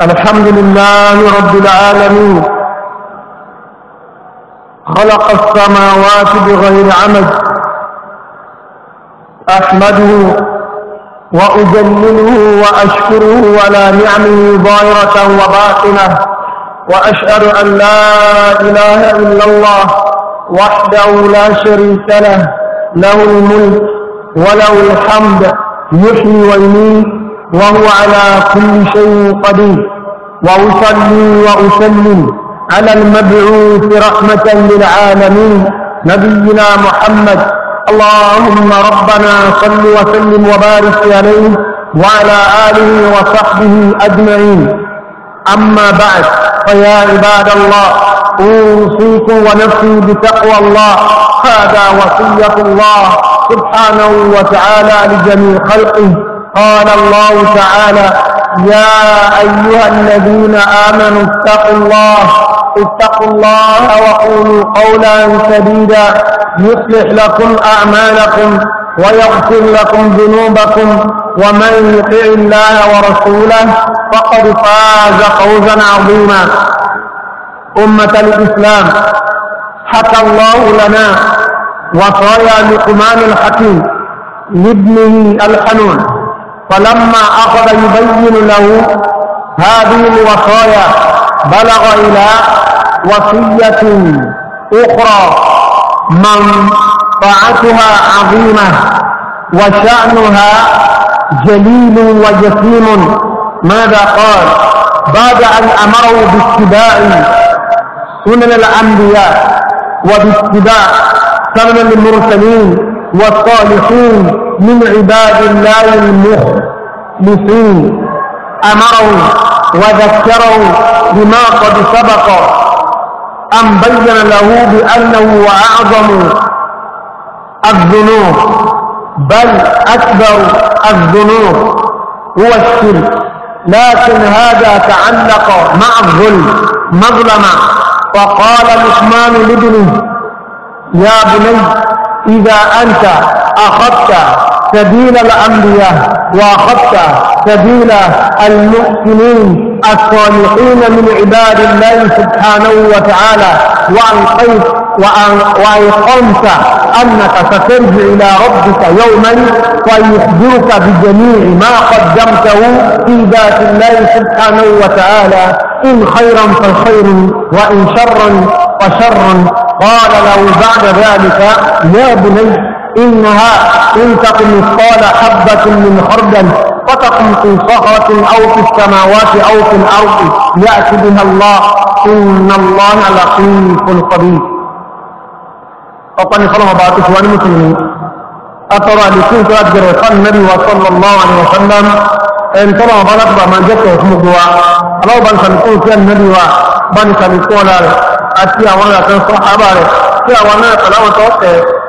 الحمد لله رب العالمين خلق السماوات بغير عمد أحمده وأجلله وأشكره على نعمه ظاهرة وباطنة وأشهد أن لا إله إلا الله وحده لا شريك له له الملك وله الحمد يحيي ويميت وهو على كل شيء قدير وأصلي وأسلم على المبعوث رحمة للعالمين نبينا محمد اللهم ربنا صل وسلم وبارك عليه وعلى آله وصحبه أجمعين أما بعد فيا عباد الله أوصيكم ونفسي بتقوى الله هذا وصية الله سبحانه وتعالى لجميع خلقه قال الله تعالى يا أيها الذين آمنوا اتقوا الله اتقوا الله وقولوا قولا سديدا يصلح لكم أعمالكم ويغفر لكم ذنوبكم ومن يطع الله ورسوله فقد فاز فوزا عظيما أمة الإسلام حكى الله لنا وصايا لقمان الحكيم لابنه الحنون فلما أخذ يبين له هذه الوصايا بلغ إلى وصية أخرى طاعتها عظيمة وشأنها جليل وجسيم ماذا قال بعد أن أمروا باتباع سنن الأنبياء وباتباع سنن المرسلين والصالحون من عباد الله المخلصين أمروا وذكروا بما قد سبق أن بين له بأنه وأعظم الذنوب بل أكبر الذنوب هو الشرك لكن هذا تعلق مع الظلم مظلمة فقال لقمان لابنه يا بني إذا أنت أخذت سبيل الأنبياء وأخذت سبيل المؤمنين الصالحين من عباد الله سبحانه وتعالى وأن وأيقنت أنك سترجع إلى ربك يوما فيخبرك بجميع ما قدمته في ذات الله سبحانه وتعالى إن خيرا فخير وإن شرا فشر قال له بعد ذلك يا بني إنها إن تكن حبة من خردل فتكن في صخرة أو في السماوات أو في الأرض يأتي بها الله إن الله على لطيف خبير أقول صلى الله عليه وسلم المسلمين أترى لكل ثلاث جريفان النبي صلى الله عليه وسلم إن ترى بلد ما جاءت اسمه الله بان سنكون في النبي بان سنكون أتي أولا كان صحابة أتي أولا كان صحابة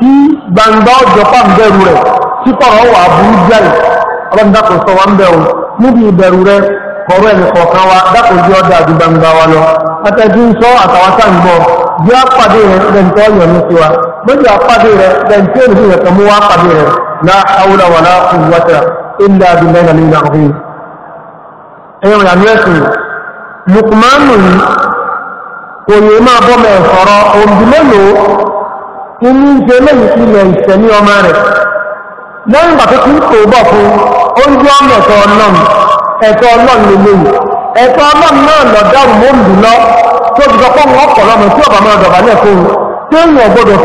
tí gbangba ọjọ́ pàmbẹ̀rù rẹ̀ tí kọ̀rọ̀ wà burú jáì ọlọ́dàkùn sọ wá ń bẹ̀ òun níbi ìbẹ̀rù rẹ̀ kọ̀rọ̀ ẹni kọ̀ọ̀kan wa dákùn jẹ́ ọdá àti gbangba wa lọ atẹ́jú ń sọ àtàwátà ń bọ̀ bí apàdé rẹ̀ lẹ́ntọ́ yọ̀ ní tiwa méjì apàdé rẹ̀ lẹ́ntí ènìyàn rẹ̀ kan mú wá apàdé rẹ̀ la hawla wala quwwata illa billahi al-aliyyil azim ẹ̀yọ̀ yà ní ẹ̀sìn Lukmanu yìí kò yẹ máa bọ́ mẹ́ sọ̀rọ̀ òǹdí inú ń ṣe lẹ́yìn ilẹ̀ ìṣẹ̀mí ọmọ rẹ̀ lẹ́yìn ti ń tò bọ̀ fún oúnjẹ ọmọ ẹ̀tọ́ ọlọ́run ẹ̀tọ́ ọlọ́run lélẹ́yìn ẹ̀tọ́ ọlọ́run náà lọ tó ti sọ wọn ọ̀pọ̀ tí ọba máa dọ̀bà lẹ̀ fún un tí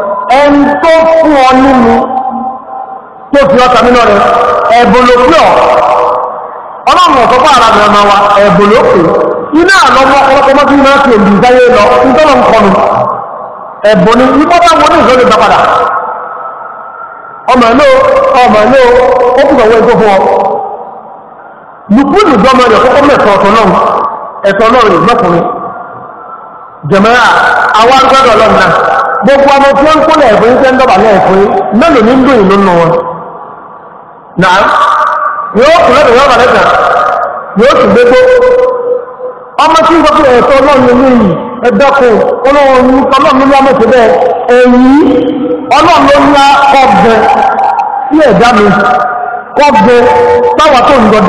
ẹn tó fún ọ nínú tó fi ọta nínú rẹ̀ ẹ̀bùlòpé ọ̀ ọlọ́run ọ̀sọ́pọ̀ ara rẹ̀ ma wa ẹ̀bùlòpé iná àlọ́mọ ọlọ́pọ̀ mọ́tí iná ti èdè ìdáyé lọ nítorí nǹkan ẹ̀bùn ni ibọ́ bá wọn ní ìṣòro ìgbà ọmọ ẹ̀lọ́ ọmọ ẹ̀lọ́ ọ gbogbo ọmọ tí ó ń kúnlẹ̀ nke ndọba ń dọ̀bálẹ̀ ẹ̀fún mélòó ní ń dùn ìlú nù wọn náà yóò kún lọ́dọ̀ yóò bàlẹ̀ yóò sì gbégbó ọmọ tí ń ẹ̀tọ́ ọlọ́run ní ìyí ẹ̀dọ́kùn ọlọ́run ní ọlọ́run ní ọmọ ọlọ́run ló sí ẹ̀dá mi táwa tó ń wa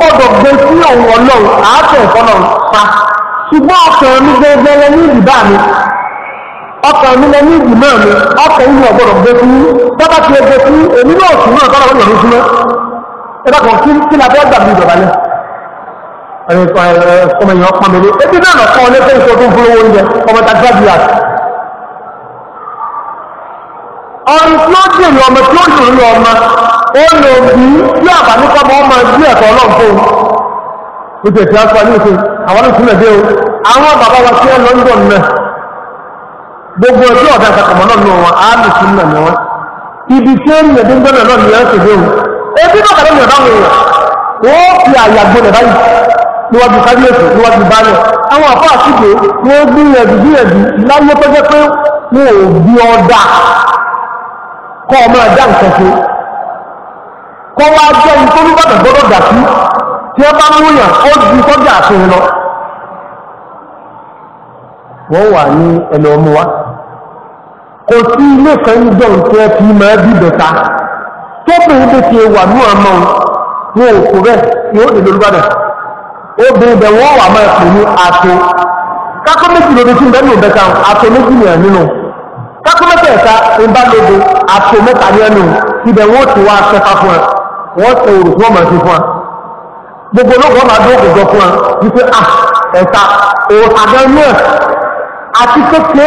gbé sí ọ̀hún ọlọ́run ọkọ̀ mi lẹ ní ìgbìmọ̀ mi ọkọ̀ yìí ọgbọ̀rọ̀ gbé fún bọ́bá ti gbé fún èmi náà sùn náà tọ́lá wọ́n yọ̀rún súnmọ́ ẹ̀dàkọ̀ kí kí la fẹ́ gbàgbé ìjọba lẹ ọmọ èèyàn pàmìlẹ̀ ebi ọmọ bàbá wa tí wọ́n lọ gbogbo ẹbí ọ̀dà ìsàkàmọ́ náà ní wọn áàlù sí nà ní wọn ibi tí ó ń yẹ gbọ́nà náà ní ẹ ṣe déhùn ebi náà kàdé yẹn báwọn èèyàn ó fi àyà gbọ́nà báyìí níwájú kábíyèsí níwájú àwọn àtúgbò ní ó gbìyànjú gbìyànjú láyé pé wọn ò bí ọ̀dà kọ́ ọmọ ẹ̀dá nǹkan ṣe kọ́ wá jẹ́ bàtà gbọ́dọ̀ dà sí wọ́n wà ní ẹnu ọmọ wa kò sí ilé kan jọ ẹ fi máa bí bẹ̀ta tó bẹ̀rẹ̀ bẹ̀ ti wà ní ọmọ wọn ò kò bẹ́ẹ̀ ni ó bẹ̀ wọ́n wà máa pè ní méjì lóde tí ń bẹ́ẹ̀ ní méjì mẹ́ta ẹ̀ta lóde mẹ́ta ní ẹnu ibẹ̀ wọ́n ti wá fún ẹ wọ́n ti àti kéke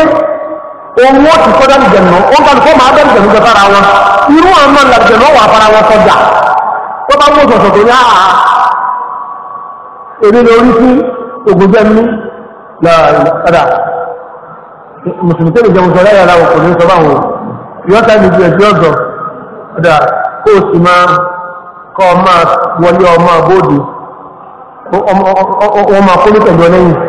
òun ó ti sọ́dọ̀ ìjẹ̀nù wọn kàn kó máa bẹ̀rẹ̀ ìjẹ̀nù jọta ara wọn irú àwọn náà làbìjẹ̀nù wà fara wọn sọjà tó bá mú sọ̀sọ̀ tó yá èrè lórí sí ògùnjẹ́ mi lọ́dà mùsùlùmí tó lè jẹun sọ lẹ́yìn aláwọ̀ kò ní sọ báwọn yóò ta ìlú ẹ̀jẹ̀ ọ̀dọ̀ ọ̀dà kó o sì máa kọ́ ọ máa wọlé ọmọ àbóòdì ọmọ akóló tẹ̀lé ọ lẹ́yìn.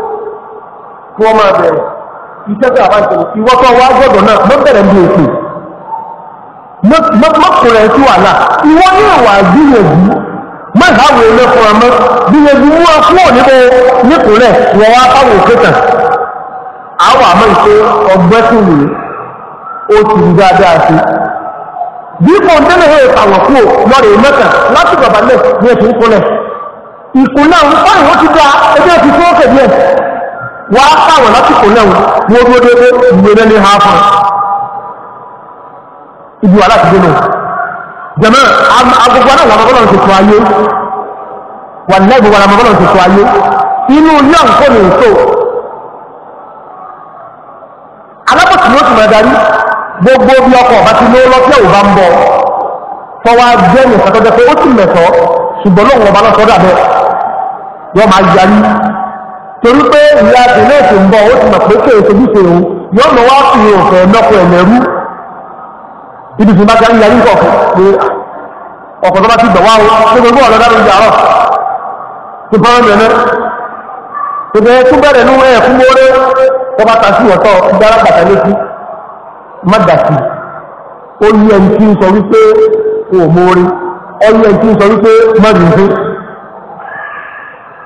kí wọ́n bẹ̀rẹ̀ iṣẹ́ tí wá gbọ́dọ̀ náà bẹ̀rẹ̀ bí mọ́kùnrin ní ìwà mú ọ níbo nípìnlẹ̀ wọ́n wá fáwọn òkúta àwọn àmọ́ ìṣe ọgbẹ́ ó ti rí dáadáa sí bí kòńtẹ́lẹ̀ yóò tàwọn lọ́rẹ̀ mẹ́ta láti ti dá ẹgbẹ́ ti wá sáwọn lásìkò náà wọ́n dúró dédé ìwé ní ha fún ibi wà láti dénú jẹ̀mọ́ agogo náà wà mọ́gọ́lọ́ ti ayé wà lẹ́gbù wà mọ́gọ́lọ́ ti ayé inú ilé ní gbogbo bí ọkọ ọ̀bá ti lówó lọ́tí ẹ̀wò ń bọ̀ fọwọ́ jẹ́ nìkan tó pé ó ti mẹ̀tọ́ ṣùgbọ́n lóun ọba torí pé ìyá àti mbọ ti ń bọ̀ ó ti mọ̀ pé kéè sojúṣe òun yóò mọ̀ wá fi òfẹ́ lọ́pọ̀ ẹ̀lẹ́rú ibi tí pé tó bá ti gbọ̀ o tó gbogbo ọ̀rọ̀ dára ìjà tó bá ń bẹ̀rẹ̀ tó bẹ̀rẹ̀ ẹ̀ fún mọ́rẹ́ tó bá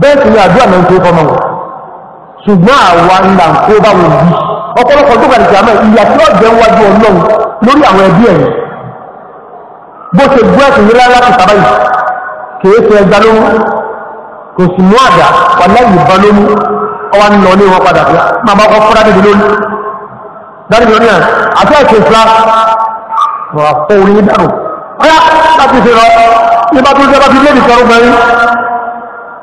bẹ́ẹ̀ sì ni àdúrà náà ń tó fọ́nà wọn ṣùgbọ́n àwa ń là ń kó bá wọn bí ọ̀pọ̀lọpọ̀ tó gbàdìkì ìyà tí ó jẹ́ wájú ọlọ́run lórí àwọn ẹbí ẹ̀yìn bó ṣe gbọ́ ẹ̀sìn yẹn kìí ṣe lóhun kò sì mú àdá wà lóhun ń lọ ní wọn padà bí máa bá kọ́ àti ẹ̀kẹ́ wà fọ́ dànù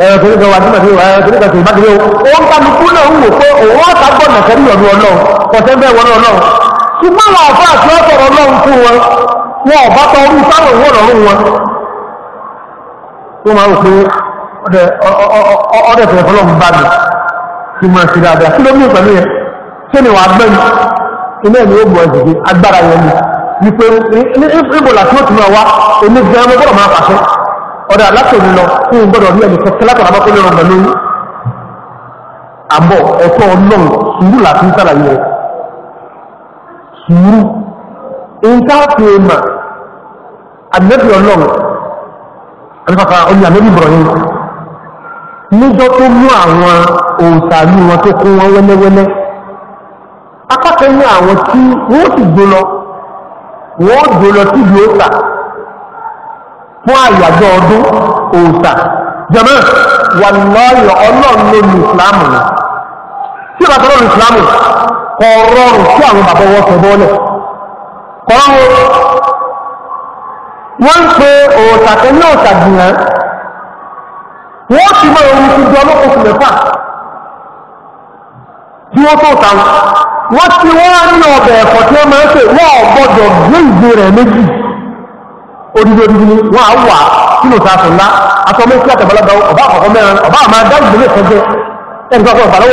ẹ̀rọ tó ní kan wà nígbà tí ẹ̀rọ tó ní kan tó ìbá kiri o ń ká lukú náà ń wò pé òun ọ̀tá gbọ́dọ̀ kẹ́rí ọ̀dọ̀ ọlọ́run kọ̀tẹ́ bẹ́ẹ̀ wọ́n ọlọ́run ṣùgbọ́n àwọn àfọ àti ọ̀tọ̀ ọlọ́run fún wọn wọn ọ̀bá tọ orí sáwọn òun ọ̀rọ̀ wọn. wọ́n máa ń pe ọ̀dẹ̀ tẹ̀lé fọlọ́run bá mi kí máa ṣe dáadáa kí ló ní ìpàdé yẹn ṣé ni wàá gbẹ́ni iná ẹ̀mí ó bu ẹ̀jẹ̀ agbára yẹn ni wípé níbo làtí ó ti máa wá onígbẹ́ ọmọ gbọ́dọ̀ máa pàṣẹ ọ̀dà látòrí lọ fún un gbọ́dọ̀ rí ẹni kẹkẹ látọ̀rọ̀ abọ́ tó lè rọgbà lórí àbọ̀ ẹ̀tọ́ ọlọ́run sùúrù láti ń sàlàyé rẹ̀ sùúrù nǹkan fi mà àdínẹ́bí ọlọ́run àdínfàfà ọlọ́run àdínẹ́bí Ibrahim níjọ́ tó mú àwọn òǹtàlú wọn tó kún wọn wẹ́lẹ́wẹ́lẹ́ apákẹ́ ní àwọn tí wọ́n sì gbó lọ wọ́n gbó lọ síbi ó tà fún àyájọ́ ọdún òòsà jẹ́mọ́ wà lọ́yọ̀ ọlọ́run ló ní ìsìláàmù ni tí ìbàtọ́ lọ́rùn ìsìláàmù kọ̀ rọrùn tí àwọn bàbá wọn sọ bọ́ọ̀lẹ̀ kọ̀ rọrùn wọ́n ń pe òòsà tẹ́ ní òòsà gbìyàn wọ́n ti mọ ohun ti di ọlọ́kùn sí mẹ́fà tí wọ́n tó ta wọ́n ti wọ́n rí odidi odidi wọn a wà sínú sàásùn ńlá aṣọ mú ọba àkọ́kọ́ mẹ́rin ọba àmà dáhùn ìdílé ìtọ́jú ẹni rẹ̀ torí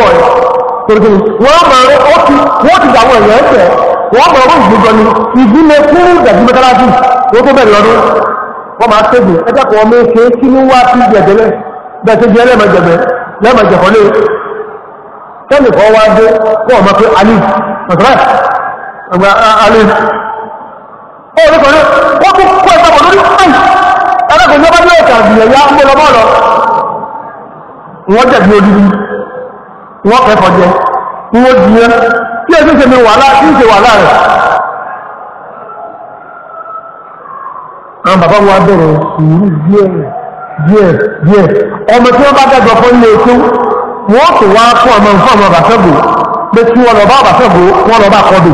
wọ́n máa rẹ wọ́n ti dàwọn èèyàn ẹ̀sẹ̀ wọ́n máa rọ ni ìdílé fún ìdàgbé orúkọ náà wọ́n tún kó ẹgbẹ́ pọ̀ lórí ẹ̀yìn ẹlẹ́gbẹ̀ẹ́ ní ọba ní ọ̀kà ìgbìyànjá ń gbé lọ́mọ́ lọ wọ́n jẹ̀bi odidi wọ́n kẹ́kọ̀ọ́ jẹ wọ́n di ẹ́ tí ẹ̀ ṣe mi wàhálà tí ń ṣe wàhálà rẹ̀ àwọn bàbá wa bẹ̀rẹ̀ ìlú díẹ̀ díẹ̀ díẹ̀ ọmọ tí wọ́n bá dàgbà fún ilé ètò wọ́n kò wá fún ọmọ nǹkan ọmọ bàtẹ́gò pé kí wọ́n lọ bá bàtẹ́gò wọ́n lọ bá kọ́dù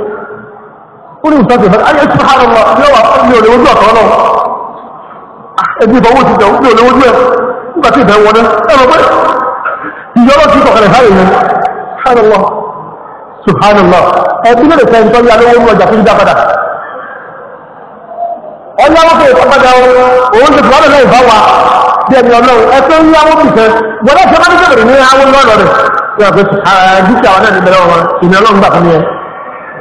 orí ìtọ́jú ìfẹ́ ayé subhanahu wa yóò wà ní olè ojú ọ̀tọ̀ náà ẹbí ìfọwọ́ ti jẹun ní olè ojú ẹ̀ nígbà tí ìfẹ́ wọlé ẹ̀rọ pé ìyọ́rọ̀ ti kọ̀kẹ̀rẹ̀ sáyé yẹn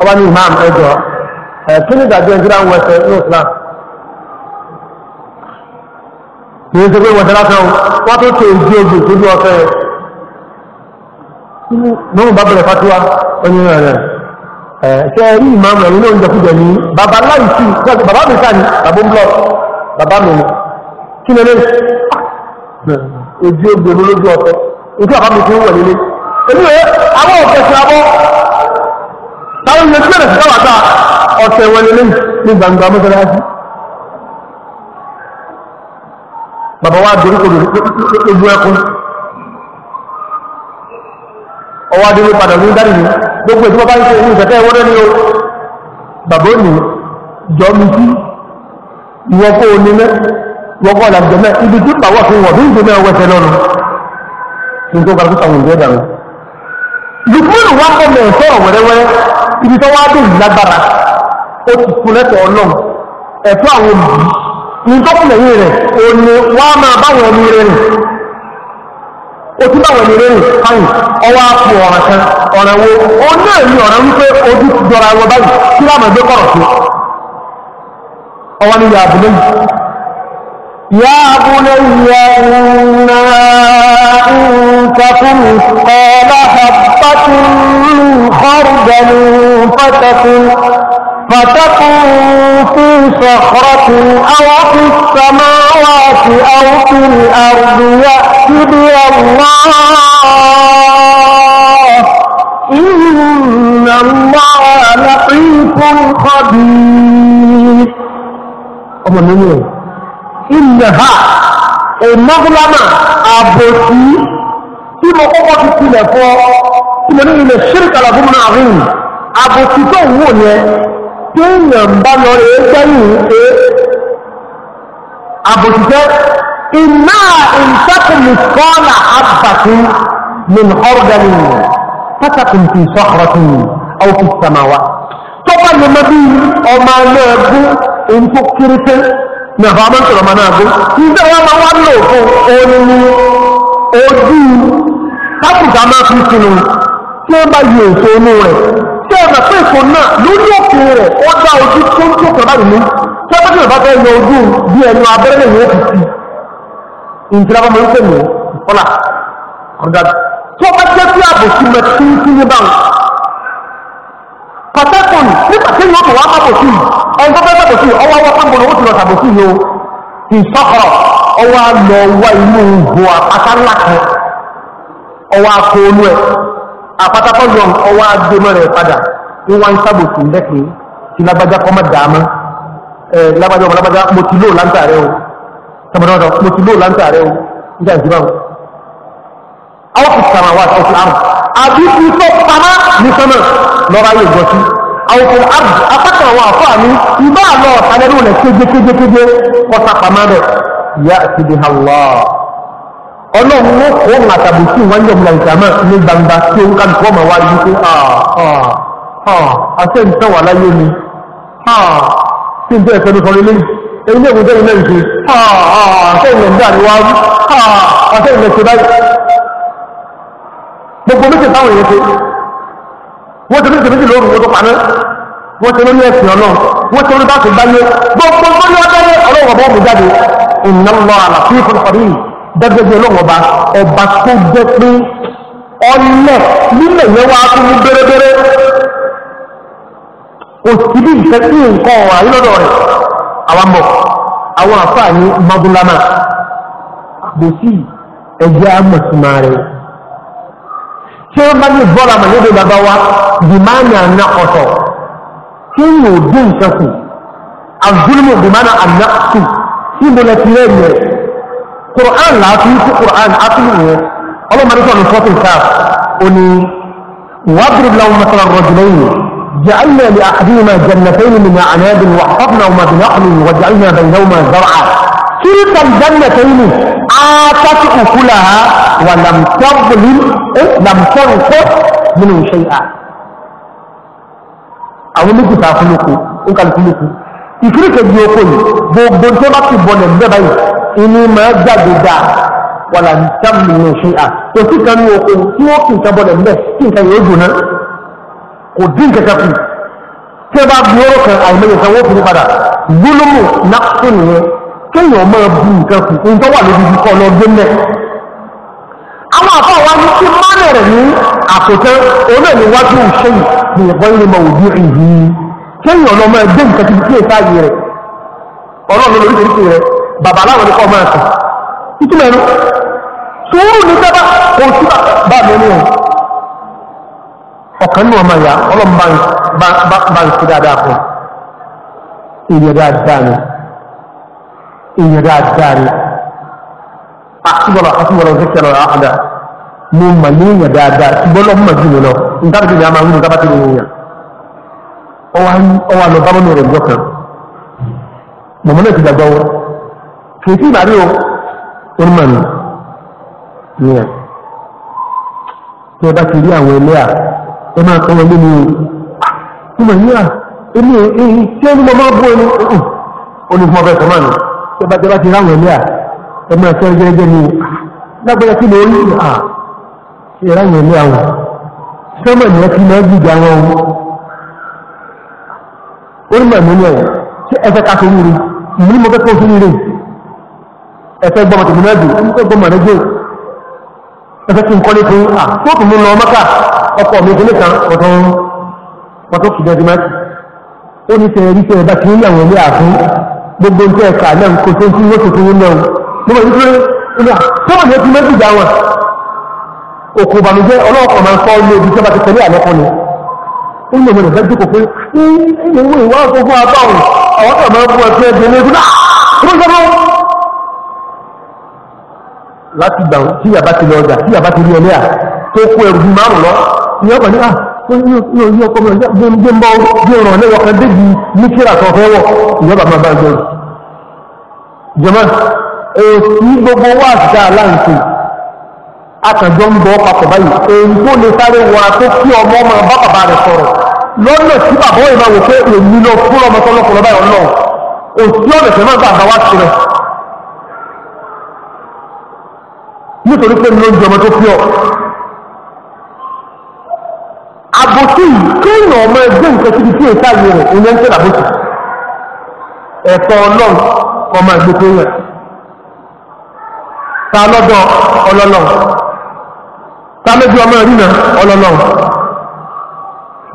ọba ní imam ẹjọ́ kí ni ìdájọ́ ìdíra ń wẹsẹ̀ ní islam ní ṣe pé wẹsẹ̀ lásán wọ́n tó tó ìdí ojú ìtọ́jú ọ̀fẹ́ rẹ̀ nínú bá bẹ̀rẹ̀ fatuwa ẹni rẹ̀ ṣe rí imam rẹ̀ nínú oúnjẹ kújẹ ní bàbá láì sí bàbá mi sáà ní bàbá ń bọ̀ bàbá mi kí ni lẹ́yìn ojú ojú olójú ọ̀fẹ́ ojú àbámi fi ń nílé èmi rẹ̀ àwọn òkè sí abọ́ táwọn ilé tí bẹ̀rẹ̀ sí káwàtà ọ̀tẹ̀ wọlé lẹ́yìn ní gbangba mọ́sálásí baba wa dorí kodò lójú ẹkún ọwọ́ adéwé padà ní dárí ni gbogbo ètò bàbá ń ṣe ní ìṣẹ̀tẹ̀ ìwọ́dẹ́ ni o bàbá ò ní jọ mi sí ìwọ kó o ibi tí bàwọ̀ fi lukmanu wá ọmọ ẹ̀ sọ̀rọ̀ wẹ́rẹ́wẹ́rẹ́ ibi tó wá dé ìlágbára ó ti fún lẹ́tọ̀ ọlọ́run ẹ̀tọ́ àwọn olùdí ìtọ́kùnlẹ̀ yìí rẹ̀ ò ní wá máa báwọn ẹni rẹ̀ ó ti báwọn ẹni káyìn ọwọ́ àpò ọ̀ràn يا بني إنا إن تكن قال حبة من خردل فتكن فتكن في صخرة أو في السماوات أو في الأرض يأتي بها الله إن الله لطيف خبير ìnàhà ìmọ́gúlámà àbòsí tí mo kọ́kọ́ ti tilẹ̀ fọ́ tí mo ní ilẹ̀ ṣíríkàlà fún mọ́nà àríwì àbòsí tó ń wò yẹn tí èèyàn bá lọ rẹ̀ gbẹ́yìn pé àbòsí jẹ́ iná ìtẹ́kùnmí kọ́ọ̀là àbàtí min ọ̀rọ̀dẹ̀lì pátákùn fi sọ́kọ̀rọ̀tì àwọn fi sàmáwá tó bá lè mọ́ bí ọmọ ẹlẹ́ẹ̀bú èyí tó ní àfàwọn sọ̀rọ̀ máa náà gbé nígbà wọn máa wá lò fún oní ojú tápùtà máa fi sínú tí ó bá yọ èso inú rẹ̀ tí ẹ bẹ̀ pé èso náà lórí òkè rẹ̀ ó dá ojú tó ń tó kọ̀ọ̀bá ìlú tí ó bá tí ó bá fẹ́ yọ ojú bí ẹnu abẹ́rẹ́ lè yọ òkè sí ìjìnlẹ̀ bá máa ń tẹ̀lé ìfọ́lá ọ̀dà tó bá jẹ́ sí àbòsí mẹ́tí sí ní báwọn pàtẹ́kùn nígbà tí yóò tó wá sàbòsí ẹni tó fẹ́ sàbòsí ọwọ́ ọwọ́ pàbọ̀lù ó ti lọ sàbòsí yóò ìsọ́kọ̀rọ̀ ọwọ́ lọ wá inú ìbò àpáta kan ọwọ́ akọ olú ẹ̀ ọwọ́ agbémọ́ rẹ̀ padà ń wá ń sàbòsí lẹ́kìn tí lágbájá kọ́ mọ́ dàámọ́ lágbájá ọmọ o àwọn fi sàmà wá sí àrùn àbí fi tó pamá ní sọmọ lọ́ra yóò gbọ́ sí àwọn fi àrùn apákan àwọn àfọ́ àmì ibà lọ ọ̀tàlẹ́rù rẹ̀ kéje kéje kéje kọ́ta pamá rẹ̀ yá ti di hàlọ́ ọlọ́run ó kó ń àtàbò sí ìwájú ọmọ ìsàmà ní gbangba tí ó ń kálukú ọmọ wa yìí pé àṣẹ ìtàn wà láyé ni tí n tẹ́ ẹ̀fẹ́ ló sọ lé lẹ́yìn èyí Ha, ha, tẹ́lẹ̀ lẹ́yìn ṣe àṣẹ ìlẹ̀ ń dà àṣẹ ìlẹ̀ ṣe báyìí gbogbo méjì táwọn èèyàn ṣe wọ́n ti méjì méjì lóru wọ́n tó paná wọ́n ti lórí ẹ̀sìn ọlọ́run wọ́n ti lórí bá ti gbáyé gbogbo tó ní ọdẹ́rẹ́ ọlọ́wọ́ bọ́ mi jáde ìnáwó àlàfí ìfọ̀nfọ̀rí dẹ́gbẹ́gbẹ́ ọlọ́wọ́ ọba ọba tó jẹ́ pé ọlẹ̀ nílẹ̀ yẹn wá fún mi bérébéré òsì bí nǹkan tí nǹkan ọ̀rọ̀ àyílọ́dọ̀ rẹ̀ àwọn mọ̀ àwọn àfáà ní mọ́dúnlámà àbòsí ẹ̀jẹ̀ àmọ̀tìmá rẹ̀ tí wọ́n bá ní bọ́ọ̀lù àmàlẹ́dẹ̀ bàbá wa dìmánì àná ọ̀tọ̀ kí ni ò dín nǹkan kù àdúrúmù dìmánì àná kù kí ni lè ti rẹ̀ yẹ kùrán láti kú kùrán átúmù yẹn ọlọ́mọdé sọ̀rọ̀ fọ́tò káà ó ní wàbùrù làwọn mọ̀tàlá rọ̀jùlẹ́yìn جعلنا لأحدهما جنتين من أعناب وحفظناهما بنقل وجعلنا بينهما زرعا تلك الجنتين آتت أكلها ولم تظلم لم تنقص منه شيئا àwọn méjì ta fún lóko ó kàlù fún lóko ìkírí kejì oko yìí gbogbo tó bá ti bọ̀lẹ̀ ń bẹ́ẹ̀ báyìí ìní máa jáde dáa wà láti sáàmù ní ṣe à kò sí kan ní oko tí ó kì í kan bọ̀lẹ̀ ń bẹ́ẹ̀ kí nǹkan yóò dùn náà kò dín kẹta kù tí ẹ bá gbé ọ̀rọ̀ kan àìmọye kan wọ́n fi padà gbólómù náà tó nìyẹn kéèyàn máa bu nǹkan kù ní tó wà lórí ibi kọ́ lọ gbé mẹ́ àwọn àbá wa ní kí mánà rẹ̀ ní àkótán òun náà níwájú ìṣe ní ìbọn ilé mọ òbí ìhì kéèyàn lọ máa gbé nǹkan kìí kíyèsí ààyè rẹ̀ ọlọ́run lórí ìṣèlú rẹ̀ bàbá aláwọ̀ ní kọ́ máa sùn ìtumọ̀ ẹnu sùúrù ní sábà kò sí ọmọ ìyá ọlọ́run bá ń sí dáadáa fún ìrìn dáadáa ni èèyàn dáadáa ni àtúbọ̀lọ̀ àtúbọ̀lọ̀ òṣèkẹ̀lọ̀ àkàdà mo mà ní èèyàn dáadáa ṣùgbọ́n lọ́mọ mà jù mí lọ nǹkan tó ti a máa ń wúlò kábàtì ní èèyàn ọwọ́ àlọ́ bábọ́nù rẹ̀ jọ kan tẹ́bàtẹ́bà ti ráwọn ẹ̀mí à ẹ̀mí ẹ̀kọ́ gẹ́gẹ́ ni lágbára kí ló rí à ṣe ráwọn ẹ̀mí àwọn sọ́mọ̀ ni wọ́n fi máa ń gbìjà wọn o orí mọ̀ ẹ̀mí ẹ̀wọ̀ ṣé ká sórí rí ìlú mo fẹ́ kó sórí rí ẹ̀fẹ́ gbọmọ tèmi náà dùn ẹ̀fẹ́ gbọmọ rẹ dùn ẹ̀fẹ́ kí n kọ́lé fún à tó tún mú lọ ọkọ̀ mi kan ọ̀tọ̀ ọ̀tọ̀ gbogbo nǹkan ẹ̀ka náà kò tó ń fún lóṣù tó ń lọ mo mọ̀ nítorí ìgbà sọ́wọ́n ni ó ti méjì dá wọn òkú ìbànújẹ́ ọlọ́ọ̀kan máa ń sọ ní ibi tí ọba ti tẹ̀lé àlọ́kọ́ ni ó lè mọ̀ lọ́jọ́ kò pé ní ìlú ìwé ìwà ọ̀tọ̀ fún abáwọn àwọn kan máa ń fún ẹgbẹ́ ẹgbẹ́ ní ẹgbẹ́ láti gbà tí yàbá ti lọ ọjà tí yàbá ti rí ẹlẹ́à tó kó ẹrù bíi márùn lọ ìyẹn ọgbà ní à ah, ní orí ọkọ mi gbé ń bọ́ bí ọ̀rọ̀ lẹ́wọ̀ kan débi ní kíra kan fẹ́ wọ̀ ìjọba máa bá jọ jọmọ èsì gbogbo wà dá láǹtì akànjọ ń bọ papọ̀ báyìí èyí tó lè sáré wọn tó kí ọmọ ọmọ bá bàbá rẹ̀ sọ̀rọ̀ lọ́nà tí bàbá òyìnbá wò pé èmi lọ fún ọmọ tọ́lọ́kùnrin báyọ̀ náà òsì ọ̀nà tẹ̀lé náà bàbá wa ti rẹ̀ nítorí pé ló ń jọmọ tó àbòsí kéèyàn ọmọ ẹgbẹ́ nǹkan síbi tí èsà yìí rẹ̀ ìyẹn ń tẹ́ àbòsí ẹ̀tọ́ ọlọ́run ọmọ ẹgbẹ́ tó yẹ ta lọ́dọ̀ ọlọ́lọ́ ta lójú ọmọ ìrìnà ọlọ́lọ́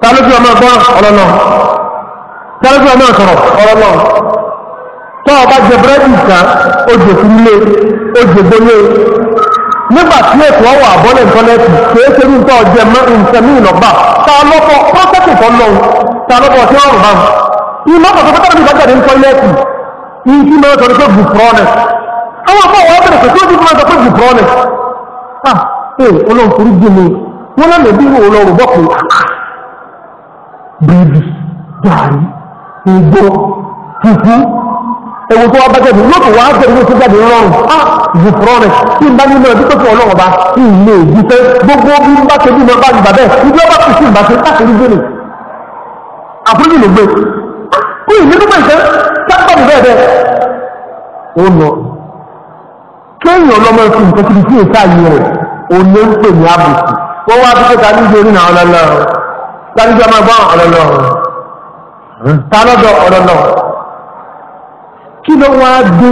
ta lójú ọmọ ẹgbọ́n ọlọ́lọ́ ta lójú ọmọ ẹ̀sọ̀rọ̀ ọlọ́lọ́ tọ́ ọba jẹ búrẹ́dì ìta ó jẹ fún ilé ó jẹ gbólé nígbà tí ètò ọwọ́ àbọ́lẹ̀ ìtọ́lẹ́tì kìí ṣe ní ìtọ́ ọjẹ́ ìṣẹ́mí ìlọ́gbà ta lọ́pọ̀ pọ́sẹ̀tì tó lọ́wọ́ ta lọ́pọ̀ tí ọrùn bá ń iná ọ̀tọ̀ tó tẹ́lẹ̀ ìgbàgbà ní tọ́lẹ́tì ní kí mẹ́rin tọ́lẹ́ tó gùprọ́nẹ̀ àwọn ọmọ ọwọ́ bẹ̀rẹ̀ tó tó dìbò mẹ́ta tó gùprọ́nẹ̀ ah ee olóhùn kúrú gbé mi wọn lọ́nà bí wọn lọ rò bọ́pù bèbí gàrí ìgbó fufu ewu tó wá bá jáde lóòtù wá bẹ̀rẹ̀ lóòtù jáde rọrùn á zùfúrọ́nẹ̀ tí n bá nínú ẹbí tó tó ọlọ́run bá kí n lè jíṣẹ́ gbogbo bí n bá ṣe bí mo bá gbà bẹ́ẹ̀ ibi ọba kì í sí ìbáṣe káàkiri gbé ni àforíjì ló gbé kí ìlú tó pèsè sábà bẹ́ẹ̀ bẹ́ẹ̀ ó lọ kéèyàn lọmọ ẹkú nǹkan kiri sí ìta yìí rẹ̀ ó lé ń pè ní àbùkù wọ́n wá bí kẹta níbi orí náà ọlọ́lọ́ kí ló wá dé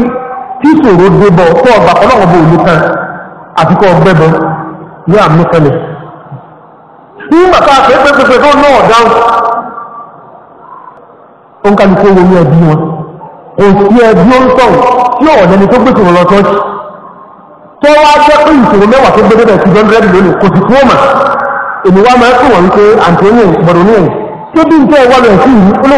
tí ìṣòro dé bọ̀ tó ọgbà ọlọ́run kan àti kọ́ ọgbẹ́ bọ̀ ní a fẹ́ pẹ́pẹ́pẹ́ tó náà dáhùn ó ń kálukú owó ní ẹbí wọn kò sí ẹbí ó ń sọ̀rọ̀ tí ọ̀lẹ́ni tó gbé ìṣòro lọ tọ́jú tó wá jẹ́ pé ìṣòro mẹ́wàá tó gbé bẹ́ẹ̀ sí dọ́ndẹ́rẹ́dì lónìí kò sì kú ọ̀mà èmi wá máa ń pè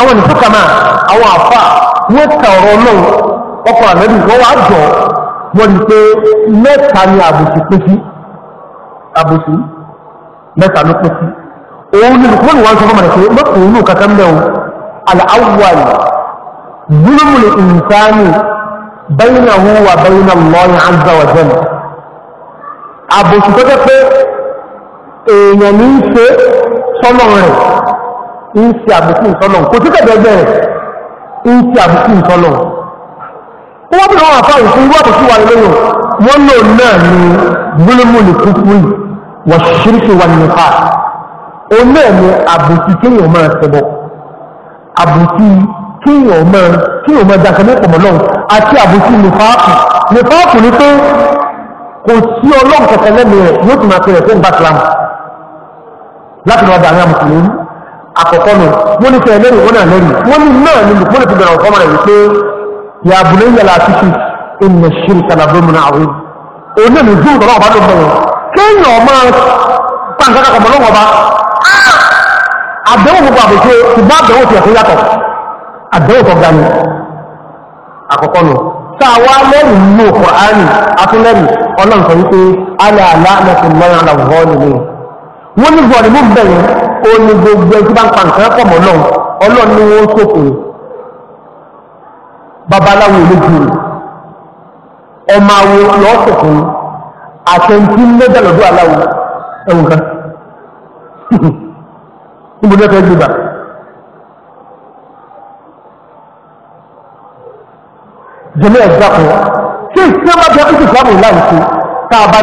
àwọn ìfúkàmà àwọn àfà wọ́n ka ọ̀rọ̀ náà ọkọ̀ àmẹ́bí wọ́n wá jọ wọ́n ni pé mẹ́ta ni àbòsí pé sí àbòsí mẹ́ta ló pé sí òun ni wọ́n wá ń sọ fọ́mọ̀rẹ̀ pé mọ́kù inú kankan ń ṣe àbùkù ìtọ́lọ̀ kò tí kẹ̀dẹ̀ ẹgbẹ́ rẹ̀ ń ṣe àbùkù ìtọ́lọ̀ wọ́n bí wọ́n àfáà ìfún wọ́n àbùkù wà lóyún wọ́n lò náà ní gbólómù ní kúkúrì wọ́n ṣíríṣì wà ní nípa òun náà ní àbùkù kéèyàn máa ṣẹbọ àbùkù kéèyàn máa kéèyàn máa dàkẹ́ ní pọ̀mọ́ lọ́wọ́ àti àbùkù nípaápù nípaápù ni pé kò sí ọlọ́run kẹ̀kẹ́ lẹ́nu rẹ̀ yóò tún máa pè rẹ̀ fún bàtìlámù láti lọ́ọ́ dàrí àmùkù àkọ́kọ́ nù wọ́n ní fẹ́ lẹ́rìí wọ́n náà lẹ́rìí wọ́n ní náà ní mo lè fi bẹ̀rẹ̀ ọ̀kọ́ rẹ̀ wípé yà àbúlé yàrá àtúntì ìnà ṣírí kàlàbó mu náà wí. òun náà ní júù tọ́lọ́ ọba ló bẹ̀rẹ̀ kéèyàn ọmọ pàǹkàkà kọ̀mọ́ lọ́wọ́ wọ́n ní bọ̀ọ̀lù bẹ̀yìn ó ní gbogbo ẹjú ń pa nǹkan pọ̀ mọ́ náà ọlọ́run wọ́n sókò babaláwo ọmọ awo lọ́ọ́ sókò àtẹ̀ntì lẹ́jà lọ́dọ̀ aláwo ẹ̀wọ̀n kan níbo lẹ́fẹ̀ẹ́ gbígbà jẹ́lẹ́ ẹ̀dá kan ṣé ìṣẹ́ bá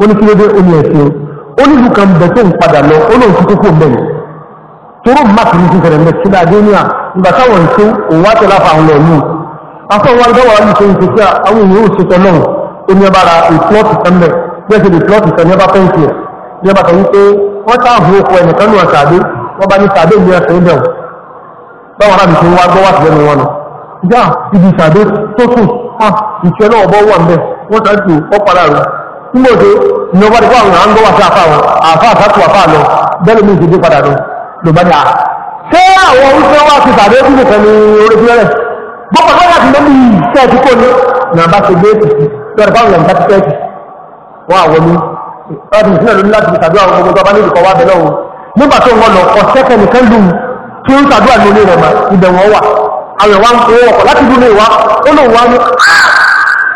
wọ́n ní kí ló dé omi ẹ̀sìn ó ní ìlú kan bẹ̀ tó ń padà lọ ó lóun kúkú kúrò mẹ́rin toró máàkì ní kíkẹrẹ mẹ́ sí dáadé ní à ìgbà táwọn ìṣó nke si tẹ̀lé àfàwọn lọ afọ wa ara àwọn ìṣó ìṣó sí àwọn onye òṣè tọ́ náà ó ní ẹbára ìplọ́ọ̀tì kan bẹ̀ bẹ́ẹ̀ sì lè plọ́ọ̀tì kan ní ẹbá fẹ́ǹsì ẹ̀ ní ẹbá kan wọ́n okò mgbe ní ọba ah! dìbò àwọn àwọn gbọ́wà sí àfà wọn àfà lọ bẹ́ẹ̀ mi ìdíje padà lọ ló bá ní à. ṣé àwọn oúnjẹ wa ti tàbí ẹbí nìkan ní orí ti rẹ̀ bọ́pọ̀ lọ́wọ́ àti lẹ́nu yìí tẹ́ ní ṣe gbé ètùtù báwọn ti wọ́n àwọn ọdún láti tàbí àwọn gbogbo tó bá ní bẹ̀ lọ́wọ́ nígbà tó wọn lọ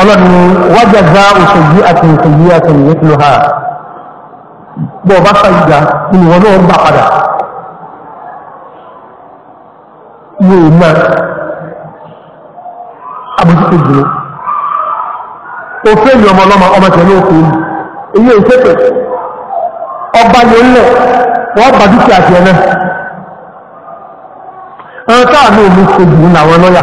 ọlọ́ni wájàzá òṣèlú àti òṣèlú àti ìyẹ́tìlú ha bọ́ bá bụ ní ìwọ̀n náà ń bà padà ní ìmá àbójútó jùlọ òfin ọmọ ọlọ́mọ ọmọ tẹ̀lé òfin èyí ọba yẹn lẹ̀ wọ́n bá dúkìá tiẹ̀ náà ní òmùsọ̀ jù ní àwọn lọ́yà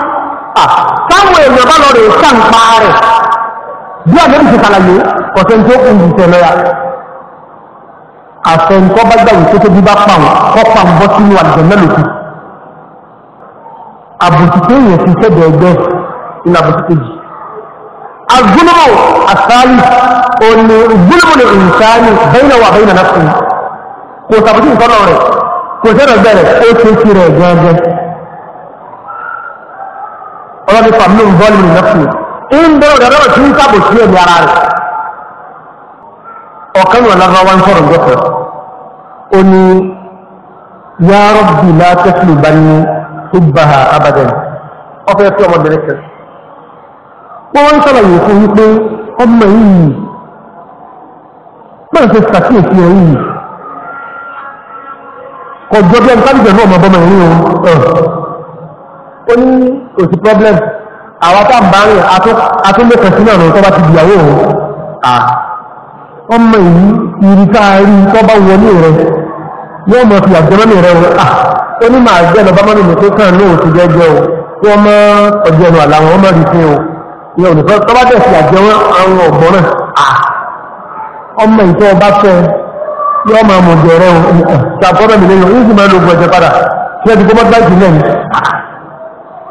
táwọn èèyàn bá lọ rè sàǹpa rẹ̀ bí àdébì ti kàlàyé ọ̀sẹ̀ tó kù ní ìtẹ̀lẹ́ ya àfẹnkọ́ bá gbàgbé tó tóbi bá pa wọn kọ́ pa wọn bọ́ sínú àdìgbẹ́ mẹ́lòó kù àbùkù tó yẹ fi sẹ́dẹ̀ ẹgbẹ́ nínú àbùkù kejì الظلم الثالث أن الظلم للإنسان بينه وبين نفسه kò sàbùkù ìtọ́nà rẹ̀ kò sẹ́dọ̀ bẹ̀rẹ̀ ó ti ti rẹ̀ gẹ́gẹ́ ọlọ́dún pàmò ń bọ́ọ̀lù nìyànjú ń bẹ̀rẹ̀ ọ̀dọ̀ tí ń sábò sí ẹ̀mí ara rẹ̀ ọ̀kan wọn lára wá ń sọ̀rọ̀ ó ní ya rabbi la taslibanni hubbaha abadan ọfẹ́ tí ọmọbìnrin kan wọ́n wọ́n sọ̀rọ̀ fún wípé ọmọ yìí ẹ̀ yìí kọjọ́ bí ẹni náà ọmọ kò sí problem àwọn tá bá rìn atúnlẹ̀kọ̀ náà tó bá ti dìyàwó à ọmọ èyí iri rí tó bá wọlé rẹ yóò mọ̀ fi àjẹmọ́nì rẹ rẹ à ó ní máa jẹ́ lọ bá mọ́nì mi tó ní òtún jẹ́jẹ́ o wọ́n mọ́ ọjọ́ ẹnu àlà wọn rí fún o ìyá tó bá tẹ̀sí àjẹmọ́ àwọn ọ̀gbọ́n náà à ọmọ èyí tó bá yóò mọ̀ jẹ́ rẹ o ṣàkọ́rọ̀ mi lẹ́yìn ó sì máa lo ẹ̀jẹ̀ padà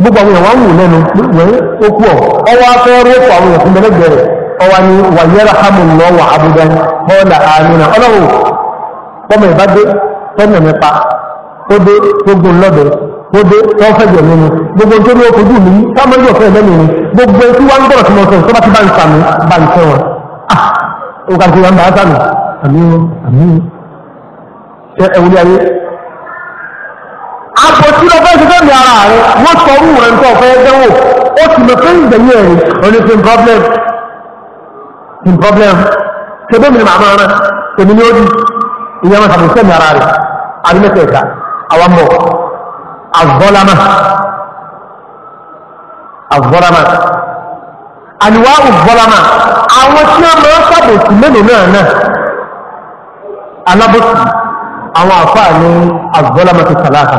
gbogbo àwọn ìwà ń wù lẹ́nu wẹ́n ó kú ọ̀ ọwọ́ afẹ́ rọ́pò àwọn ìyẹ̀kùn bẹ́lẹ́gbẹ̀ rẹ̀ ọwọ́ ni wàyẹ́rà hàmùn lọ wà abúdá bọ́ọ̀lá àmìnà ọlọ́run tọ́mọ ìbá dé tọ́mọ nípa tó dé tó gun lọ́dẹ̀ tó dé tó fẹ́jọ̀ nínú gbogbo tó ní okojú mi támọ́jọ́ fẹ́ lẹ́nu ni gbogbo kí lọ fẹ́ ṣe fẹ́ mi ara rẹ̀ wọ́n sọ orú rẹ̀ nǹkan ọ̀fẹ́ ẹgbẹ́wò ó ti mọ̀ pé ìgbẹ̀yìn ẹ̀rí ọ̀nà pin problem pin problem ṣe bẹ́ẹ̀ mi ni màmá rẹ̀ èmi ni ó di ìyẹn wọn ṣàbùsẹ́ mi ara rẹ̀ àdínẹ́sẹ̀ ẹ̀ka àwọn mọ̀ àzọ́lámà àzọ́lámà àfáà ní àzọ́lámà ti sàlátà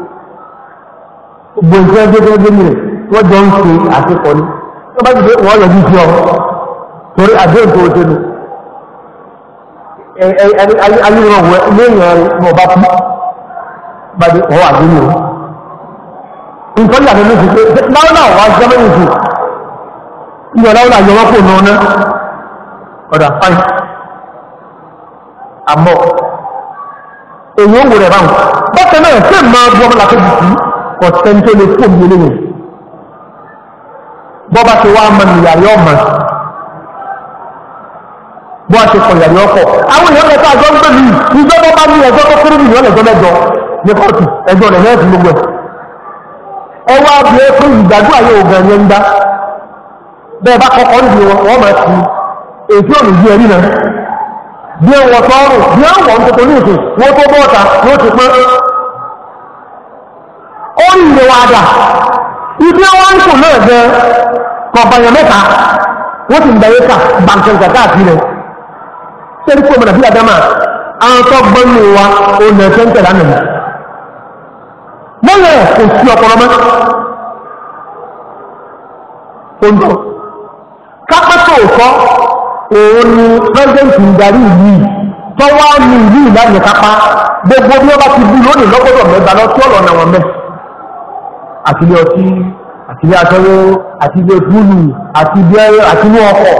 gbogbo ẹgbẹ́ gẹ́gẹ́ ní rẹ̀ wọ́n jọ ń ṣe àṣepọ̀ ní wọ́n bá ti dé yọjú sí ọ torí àdéhùn tó ṣe nù ayélujára ilé ìyẹn rẹ̀ ní ọba fún bàdé ọwọ́ àdéhùn rẹ̀ nǹkan yàtọ̀ ní ìṣẹ́ láwọn náà wá jẹ́ mẹ́rin jù ìyẹn láwọn náà yọwọ́ kò nù ọ́nà ọ̀dà fáìn àmọ́ èyí ó wù rẹ̀ báwọn bákan náà ṣé máa bu ọmọ ọ̀sẹ̀ tó lè fún mi lẹ́yìn bọ́ bá ti wá mọ ìyàrí ọmọ bọ́ a ti kọ̀ ìyàrí ọkọ̀ àwọn èèyàn lọ́ta àjọ ń gbèlú ìjọ bọ́ bá ní ẹjọ́ tó kéré nìyàn lẹ́jọ́ lẹ́jọ́ ní kóòtù ẹjọ́ rẹ̀ lẹ́ẹ̀fì gbogbo ẹ̀ ọwọ́ pé ń dá bẹ́ẹ̀ bá kọ́kọ́ ń ó ń lè wá dà ibi wọn ń kò náà jẹ kọ̀ọ̀bàyàn mẹ́ta wọ́n ti ń bẹ̀rẹ̀ kà bàǹkẹ̀ ìgbà káàkiri rẹ̀ sẹ́ni kó mọ̀nà bí àdámà àwọn tó gbọ́n ní wa ó nà ẹ̀ṣẹ́ ń tẹ̀lé àmì mọ́lẹ̀ kò sí ọpọlọ mọ́ ondo kápẹ́tọ̀ òkọ́ òun ni pẹ́sidẹ́ntì ń darí ìlú yìí tọ́wọ́ ní ìlú ìlànà kápá gbogbo bí wọ́n bá ti bú lónìí lọ́gbọ́dọ̀ mẹ́ta lọ tí ọ̀rọ̀ náà wọn mẹ́ta àti ilé ọtí àti ilé atẹ́wó àti ilé búlù àti ilé ẹ̀rọ àti ilé ọkọ̀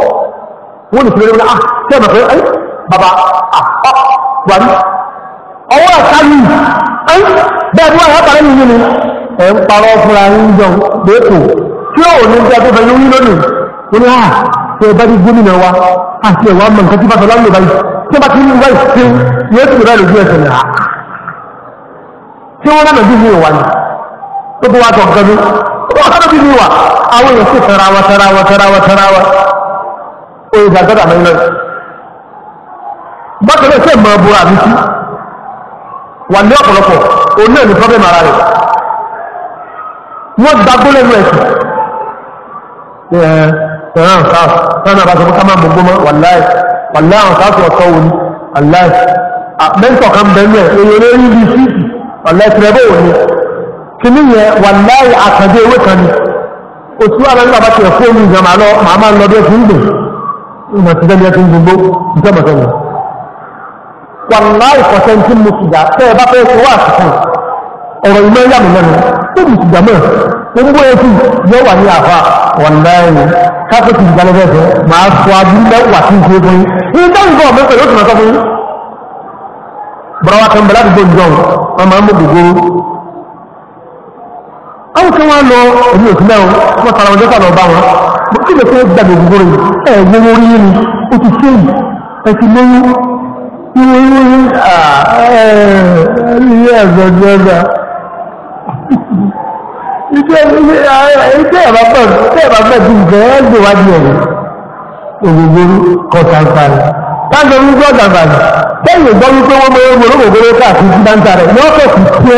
wọ́n ní fúnlẹ̀ ah tẹ́ ẹ̀mọ̀ pé ẹ́ eh, bàbá ah wàrí ah, ọwọ́ ẹ̀ka yìí ẹ́ eh, bẹ́ẹ̀ bí wọ́n ni ẹ̀ ń parọ́ fúnra ń jẹun lẹ́kọ̀ọ́ tí ó ní bí a tó fẹ́ lórí lónìí ó ní ah tẹ́ ẹ bá ní gómìnà wa àti ah, ẹ̀wà mọ̀ nǹkan tí bá tọ́lá ń lò báyìí tí bá ti ah. wọ́n rẹ̀ lójú ìwà ni tó tó wá gọ̀gọ̀nú ó wá bí mi wà àwọn èèyàn sì tara wa tara wa tara wa tara wa ó yẹ gbàgbọ́dà mi lọ. bákan náà ṣe máa bora mi sí wà ní ọ̀pọ̀lọpọ̀ òun náà ní pọ́bẹ́mù ara rẹ̀ wọ́n gba gbólẹ́nu ẹ̀sìn ẹ̀rọ nǹkan náà bá sọ fún kámá gbogbo mọ́ wàláì wàláì àwọn sáàtì ọ̀tọ̀ wò ni wàláì mẹ́ńtọ̀ kan bẹ́ẹ̀ ní ẹ̀ èyí olórí ibi síìtì wàláì tìrẹ́bù wò ni kìíní yẹn wà láì àkàndé ewé kan ni òtú àwọn nígbà bá ti ẹ̀fọ́ omi ìgbà máa lọ màá máa lọ bí ẹ ti ń dùn ìmọ̀ ti dẹ́ni ẹ ti ń dùn gbó ìjọ mọ̀tọ́ ni wà láì kọ̀tẹ́ tí mo sì dà tẹ́ ẹ bá fẹ́ fi wá àsìkò ọ̀rọ̀ ìmọ̀ yà mí lẹ́nu tó mi sì dà mọ́ ẹ̀ ń bó etí yẹ wà ní àfa wà láì káfí ti dà lọ́fẹ́ màá sọ abúlé mẹ́wà tí ń ṣe kí wọ́n lọ èmi òkú mẹ́rin wọ́n tara ọjọ́ sàlọ̀ bá wọn kí lè fẹ́ gbàgbé gbogbo rẹ̀ ẹ̀ wọ́n orí ni ó ti ṣe yìí ẹ ti lóyún ìwé ìwé ilé ẹ̀zọ́ jẹ́za iṣẹ́ ẹ̀bá pẹ̀lú iṣẹ́ ẹ̀bá pẹ̀lú nǹkan ẹ̀ gbé wájú ẹ̀rọ ògbógbó kọ̀tàǹfààní láti ọdún tó ọ̀tàǹfààní tẹ́yìn ìgbọ́ wípé wọ́n mọ ewé olóògbé káàkiri sí dáńtà rẹ̀ yọ́ọ̀kọ̀ sí ṣe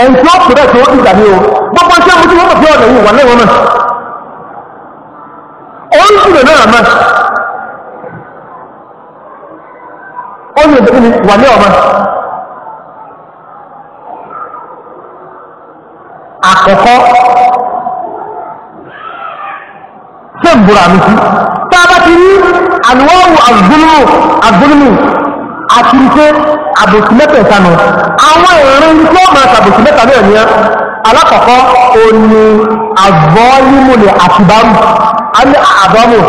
ẹ̀yìn tí tó ti dàní o gbogbo tí mo ti wọ́n fi ọ̀nà yìí wà lẹ́wọ̀n náà oríṣiríṣi náà náà ó ní wà àbòsí mẹ́tẹ̀ẹ̀ta nù àwọn ìrìn tí wọ́n máa ṣàbòsí mẹ́ta náà ní alákọ̀ọ́kọ́ òní àbọ́límù ní àtìbámù àní àbámù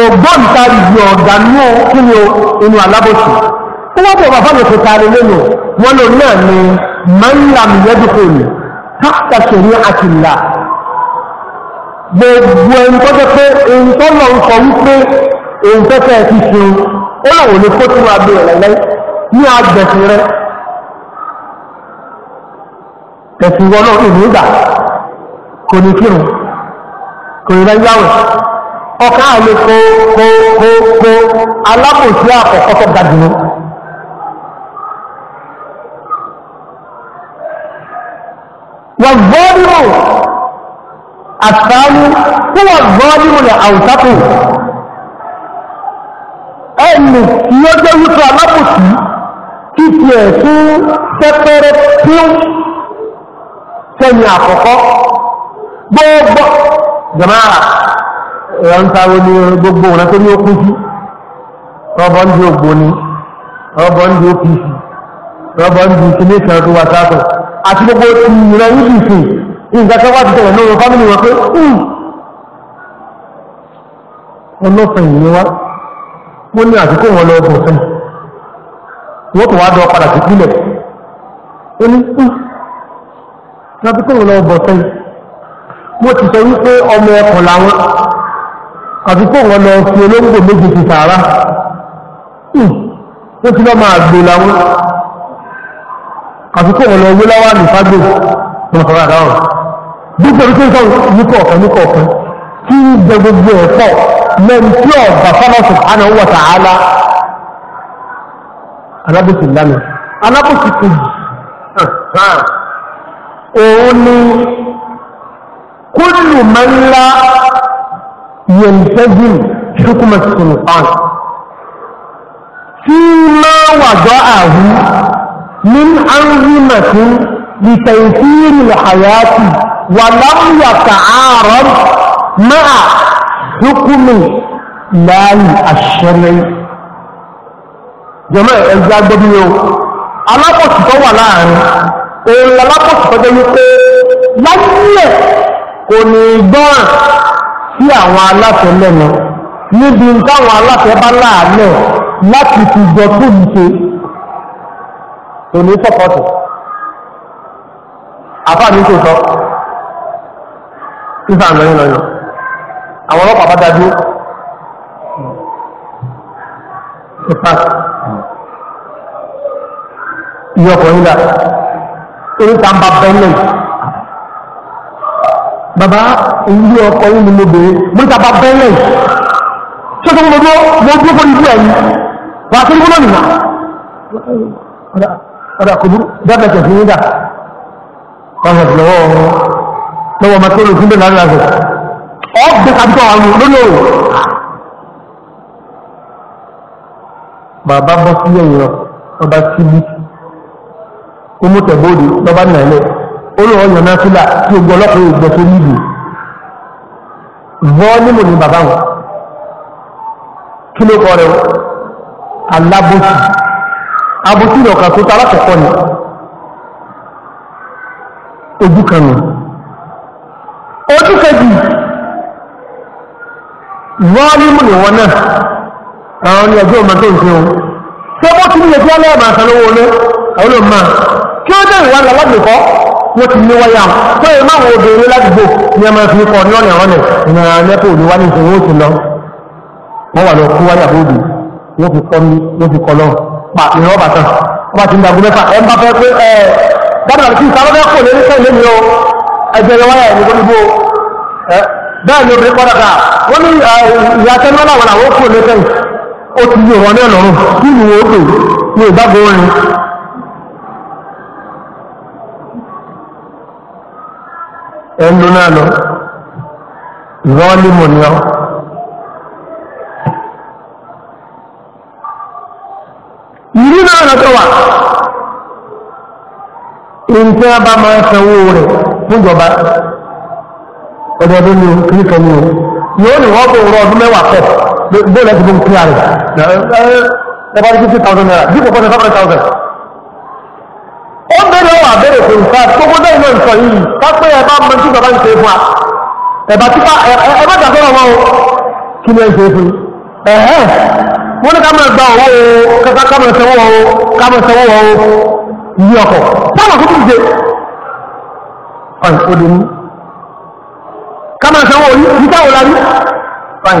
ògbóǹtarìgì ọ̀gá ní kí ni inú alábòsí tí wọ́n bọ̀ bàbá mi kò tari lẹ́nu wọn lò náà ni mẹ́ńlám yẹ́dùkọ̀ọ̀nì táàkà ṣòrí àtìlá gbogbo ẹni tó jẹ́ pé èyí tó lọ sọ wípé èyí tó fẹ́ ti ṣe ó lọ́wọ́ ní kó tún abẹ́ rẹ̀ lẹ́yìn ní agbẹ̀sìn rẹ ẹ̀sìn wọlọ́ ìlú ìgbà kò ní kírun kò ní lẹ́yàwó ọkà àlè kó kó kó kó alábòsí àkọ́kọ́ tó ga jùlọ. wọ́n gbọ́dọ̀ àtàlù tí wọ́n gbọ́dọ̀ lè àwùjáde ẹni tí ó jẹ́ wípé alábòsí fífi ẹ̀ fún pẹ́pẹ́rẹ́ tí ó sẹ́yìn àkọ́kọ́ gbogbo jamaa ẹ̀rọ ń ta wo ni gbogbo ọ̀nà tó ní ó kú sí rọ́bọ̀ ń di ògbó ni rọ́bọ̀ ń di OPC rọ́bọ̀ ń di ìṣẹ́lẹ̀ ìṣẹ́lẹ̀ tó wà sáàtọ̀ àti gbogbo ìrìnà níbi ìsìn nǹkan wà ti tẹ̀lẹ̀ fámìlì wọn pé ọlọ́fẹ̀yìn ni wá wọ́n ní àdúgbò wọn lọ́gbọ̀n wọ́n tún wá dọ̀ padà sí sílẹ̀ ó ní láti kóhùn lọ bọ̀ sẹ́yìn wọ́n ti sọ wípé ọmọ ẹkùn làwọn àti kóhùn lọ fi olóńgbò méjì ti sàárà ó ti lọ́ máa gbé làwọn àti kóhùn nìfàgbé bí pẹ̀lú tó ń sọ ọ̀kan ọ̀kan gbogbo alábòsí lánà alábòsí kejì òun ni kúlù mẹ́lá yẹ̀ntẹ́jì ṣúkúmọ̀ sùnfàn tí máa wàjọ́ àhú من أنظمة لتيسير الحياة ولم يتعارض مع حكم الله الشرعي jọmọ ẹgbẹ́ agbẹ́bíyẹ o alápọ̀sí tó wà láàrin òun alápọ̀sí tó jẹ́ wípé láyílẹ̀ kò ní gbọ́ràn sí àwọn aláṣẹ lẹ́nu níbi táwọn aláṣẹ bá láàlẹ̀ láti fi jọ tó ń ṣe kò ní sọ́pọ̀tì àfáàní tó sọ sísà lọ́yìn lọ́yìn àwọn ọlọ́pàá bá dájú nípa ìyá ọkùnrin náà èyí tá ń bá bẹ́ẹ̀lẹ̀ bàbá ilé ọkọ yìí ni mo bèèrè mo ní ta bá bẹ́ẹ̀lẹ̀ ṣé tó gbogbo mo dúró fún ìlú ẹ̀yìn wà á tó gbogbo nìyà ọ̀dà kò burú dábẹ̀ tẹ̀sí nígbà ọ̀rọ̀ lọ́wọ́ lọ́wọ́ ọmọ tó fún bẹ́ẹ̀ lára rẹ̀ ọ̀gbẹ́ tàbí tọ̀ àwọn lónìí baba bọ sí ẹ̀yìn ọ̀ ọba síbi omutẹ̀bóde lọ́ba nàlẹ́ olùwọ́ yàn náà fúlà tí o gbọ́ ọlọ́pàá yóò gbọ́ tó níbi vọ́ọ́nìmù ni bàbá wọn kí ló alábòsí abòsí tó ta alákọ̀ọ́kọ́ ni ojú kan nù ojú wọn náà. àwọn ní ọjọ́ ma tó ń ṣe ohun ṣé wọ́n ti ní ẹgbẹ́ ọlọ́ọ̀mà àtàlówó olé àwọn olóòmà kí ó jẹ́ ìwà wọ́n ti ní wáyà máa wo obìnrin ní ẹmọ ní ọ̀nà ọ̀nà ní ìṣòro ó ti lọ wọ́n wà lọ kú wáyà bóòdù wọ́n fi kọ́ ní wọ́n fi kọ́ lọ pa ìrìn ọba tán ọba ti otu ti ụwa na náà lọ́rùn na ni wọ́n pè ẹnu náà lọ ìrọ́límọ̀ ni ọ́ ìrí náà lọ́tọ̀ wà ìntẹ́ bá máa sanwó rẹ̀ fúnjọba ọdọọdún ni kíríkẹ ni o yóò ní wọ́n rọ ọdún mẹ́wàá bóòlù ẹ̀sìn fún kíláà rẹ̀ ẹ̀bá ní fifty thousand naira dípò fún five hundred thousand. ó bẹ̀rẹ̀ wà bẹ̀rẹ̀ fún ìfà gbogbo náà iná ìsọ yìí kápẹ́ ẹ̀ bá mọ tí bàbá ń ṣe fún wa ẹ̀bá tí bá ẹ̀ bá jà sọ́rọ̀ wọn o kí ni ẹ̀ ṣe fún ẹ̀hẹ́ wọ́n ní ká máa gba ọ̀wọ́ o kẹta ká o ká máa sẹ́wọ́ wọn o yí ọkọ̀ táwọn kò tún ṣe ọ̀hìn ó dé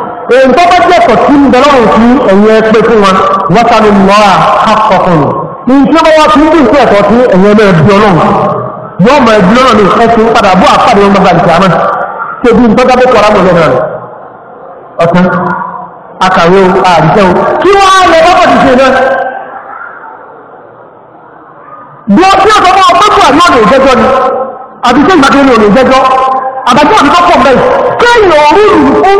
èyí tó bá jẹ́ ẹ̀kọ́ tí ń bẹ lọ́rùn sí ẹ̀yìn ẹgbẹ́ fún wa wọ́n sáré lọ́ à kápọ̀ fún mi ní tí wọ́n wá fi ń dín sí ẹ̀tọ́ sí ẹ̀yìn ẹgbẹ́ ẹbí ọlọ́run yóò mọ ẹbí lọ́rùn ní ẹsìn padà bó àpàdé wọn gbàgbà ìjà náà ṣe bí nǹkan jábẹ́ kọ́ra mọ̀ lẹ́nu rẹ̀ ọ̀tán akàwé o àdìsẹ́ o kí wọ́n á lọ bọ́kọ̀ ti ṣe náà bí ọtí ọ̀sán bá ọgbẹ́kọ̀ àná lè jẹ́jọ́ ni àdìsẹ́ ìgbàgbé lè jẹ́jọ́ àbájọ́ àbíkọ́ pọ̀ bẹ́ẹ̀ kéèyàn orí ìlú fún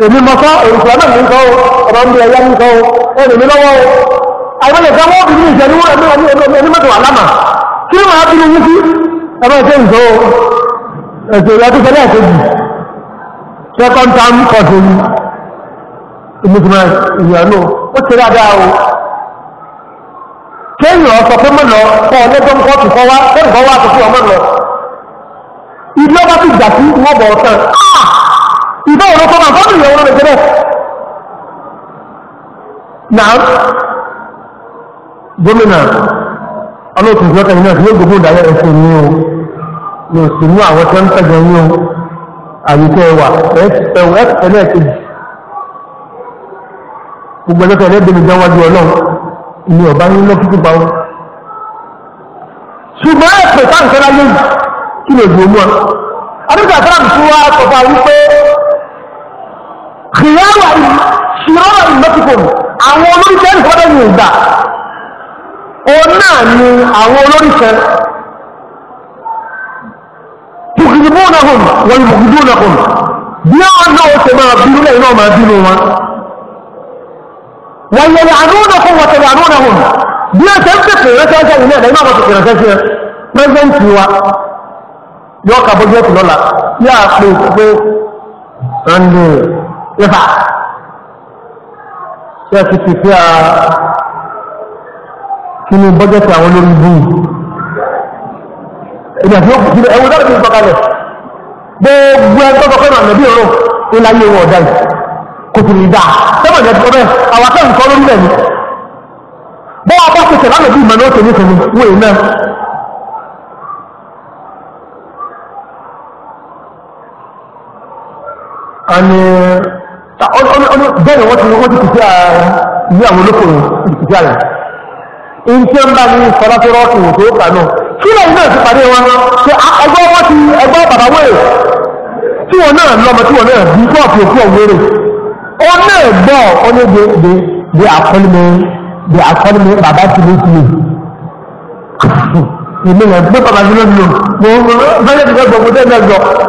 èmi mọ sọ èrùkọ náà ní sọ o ọ̀rọ̀ ń bí ẹyá ní sọ o ẹ lè mí lọ́wọ́ o àwọn ìjọba wọn bí ní ìjẹ ní wúrẹ ní ọdún ẹni mẹ́tò àlámà kí ló máa bínú yín sí ẹbẹ ṣe ń sọ o ẹsẹ ìyá tó ṣẹlẹ̀ ẹkẹjì second term course yìí ìmùtùmọ̀ ìyàn náà ó ti rí adá o kéèyàn ọ̀sọ̀ pé mọ̀ lọ kọ́ ọlọ́gbọ́n kọ́ọ̀tù kọ́ wá kẹ́rù kọ́ wá ti gbà sí wọ́n bọ̀ ọ̀tàn na ló kọ́kọ́ fọ́nù ìyẹ̀wò ló lè jẹ́ bẹ́ẹ̀ na gómìnà ọlọ́tún ìjọba ìnáà tí yóò gbogbo ìdáyẹ ẹ̀sìn ní o ní òsì ní àwọn tó ń tẹ̀jọ ní o àyíkẹ́ wà ẹ̀wọ̀ kìyàwó ṣìrọ́wà ìgbẹ́sìkò àwọn olóríṣẹ́ ìfọ́dẹ̀ ní ìgbà o náà ni àwọn olóríṣẹ́ tùkìdìbónàhùn wọ́n ìbùkìdìbónàhùn bí wọ́n náà ó ṣe máa bínú lẹ́yìn náà máa bínú wọn wọ́n yẹ àdúnàkùn wọ́n tẹ̀lé àdúnàhùn bí wọ́n ṣe ń tẹ̀kẹ̀ يفعل ṣe ti fi a ah, kínú bọ́jẹ́tì àwọn olórin bú ìdí àti òkú sílẹ̀ ẹwọ́n gbogbo ẹgbẹ́ kọ́kọ́ náà nàbí ọ̀rọ̀ ìláyé wọn ọ̀dá yìí kò sì rí dáa sẹ́wọ̀n ìjẹ́ ti kọ́ bẹ́ẹ̀ àwọn akẹ́ nǹkan lórí rẹ̀ ni bẹ́ẹ̀ wọ́n ti wọ́n ti kìí ní àwọn olókòrò ìkìí àyà in tí ó ń bá ní sọ́lọ́tọ́rọ́ ìwò tó kà náà kí lọ iná ti pàdé wọn ṣe ẹgbẹ́ wọn ti ẹgbẹ́ bàbá tí wọn náà lọmọ tí wọn náà bí kí ọ̀pì òkú ọ̀wérè ó náà gbọ́ ọ̀nà de de de bàbá ti tiẹ̀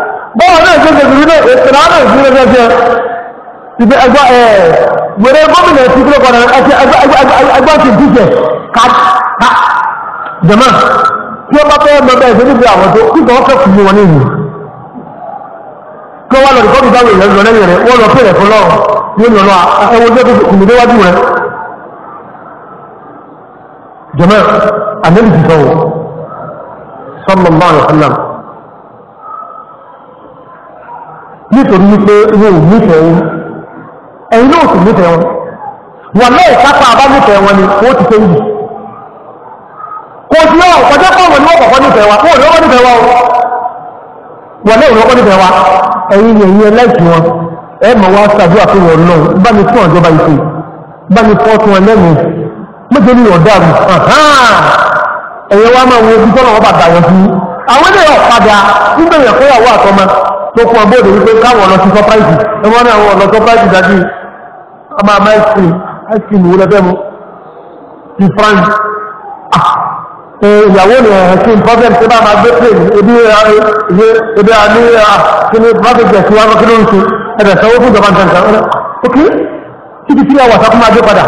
bọ́ọ̀ náà ṣe ṣe ìrúnà ìtìránà ìṣúná ṣẹṣẹ ìfẹ́ ẹgbà ẹ̀ wẹ̀rẹ̀ gómìnà ti kílọ̀ padà ẹ̀ṣẹ̀ ẹgbà ti díjẹ̀ ká jẹ̀mọ́ tí ó bá fẹ́ mọ bẹ́ẹ̀ ṣe níbi àwọn tó kíkọ́ fẹ́ fún wọn ní ìlú kí wọ́n lọ kọ́bí báwọn èèyàn lọ lẹ́yìn rẹ̀ nítorí wípé wọn ò nífẹ̀ẹ́ wọn ẹ̀yin náà sì nífẹ̀ẹ́ wọn wọn náà ìkápá abá nífẹ̀ẹ́ wọn ni ti tẹ́yìn kò sí ọ̀ ni kọ̀kọ́ wa ò lọ́kọ́ wa wọ́n náà ò lọ́kọ́ wa Enyi ni ẹ̀yin ẹlẹ́sìn wọn ẹ mọ̀ wá ṣàdú àfihàn náà bá mi fún ọ̀jọba ìfẹ́ bá mi fọ́ Enyi ẹlẹ́nu méje ní ọ̀dà mi ẹ̀yẹ wa máa àwọn ilé ọ̀padà nígbà èèyàn fún ìyàwó àtọmọ tó fún ọgbọ́n òde wípé káwọn lọ sí sọpáìsì ẹmọ ní àwọn ọ̀nà sọpáìsì dájú ọmọ àmà ice cream wúlẹ̀ fẹ́ mu ti France ah, ìyàwó ni ẹ̀hẹ̀ sí problem tí bá máa gbé pé ebi e, e, ebi àní kíni private jet wà lọ́kí ló ń ṣe ẹ̀dẹ̀ sanwó fún ìjọba nǹkan kan ok títí tí àwọn àtàkùn máa gbé padà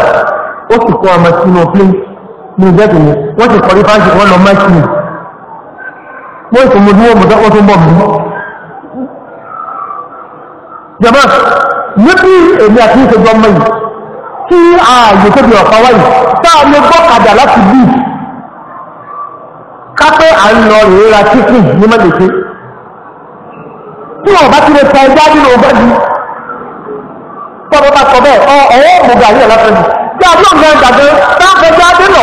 ó sì kọ́ ọmọ sínú plane ní ìjẹ́kìnnì wọ́n sì kọ́ rí fáńsì wọ́n lọ máìkì wọ́n sì mú dúró mọ̀tọ́pọ̀ tó ń bọ̀ mọ́ jama níbi èmi àti ìṣèjọ ọmọ yìí tí ààyè tó fi ọ̀pá wáyìí táà lè gbọ́ kàdà láti bí kápẹ́ à ń lọ rèé ra tíkì ní mẹ́lẹ̀kẹ́ tí wọ́n bá ti lè ta ẹgbẹ́ nínú ọgbẹ́ yìí tọ́bọ̀ bá sọ bẹ́ẹ̀ ọ ọwọ́ òmùgà yìí ọ̀lá fẹ́ni tí àbí ọ̀gá ìgbàgbé táà fẹ́ jáde lọ.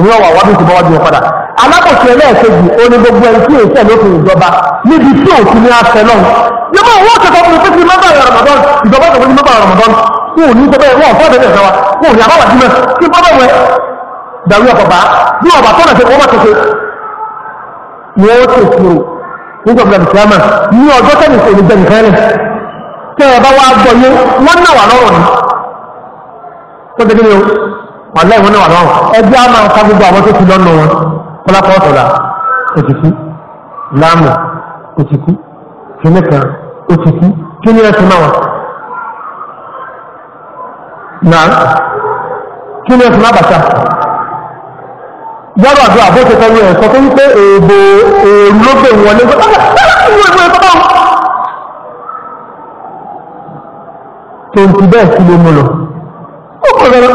ìwọ́n wà wá bí ti bọ́wọ́ bí wọn padà alákòóso ẹlẹ́ẹ̀kejì ó ní gbogbo ẹni tí èsì ẹ̀lófin ìjọba níbi tí òfin ní àṣẹ náà yóò máa wọ́n kẹta fún ìpínlẹ̀ mẹ́bà Ramadan ìjọba tó fún mẹ́bà Ramadan fún òní tó bẹ́ẹ̀ wọ́n fọ́ọ̀dẹ̀ ẹ̀sẹ̀ wa fún òní àbáwà jímẹ̀ kí bọ́dọ̀ wẹ̀ dàrú ọkọ̀ bá bí ọba tó nà ṣe kó bá tó ṣe ni ó ṣe sùúrù nígbà bí kíámà ní ọjọ́ tẹ́lẹ̀ ṣe ní bẹ̀rẹ̀ kẹ́lẹ̀ tẹ́ ẹ bá wá gbọ́ yé wọ́n náà wà lọ́rọ̀ ni tó tẹ́lẹ̀ wàlẹ́ ìwọ́n náà wà lọ́wọ́ ẹgbẹ́ a máa ń ká gbogbo àwọn tó ti lọ́nu wọn kọ́lápọ̀ ọ̀tọ̀là òtìkú láàmù òtìkú kìnìkan òtìkú kí ni ẹ̀sìn náà náà kí ni ẹ̀sìn náà bàtà yàrá àdúrà bó ṣe tọ́jú ẹ̀sọ́ tó wípé èèbò èèrú ló gbé wọn ní gbọ́dọ̀ tó ń ti bẹ́ẹ̀ sí lé mú lọ ó kọ̀ lọ́rọ́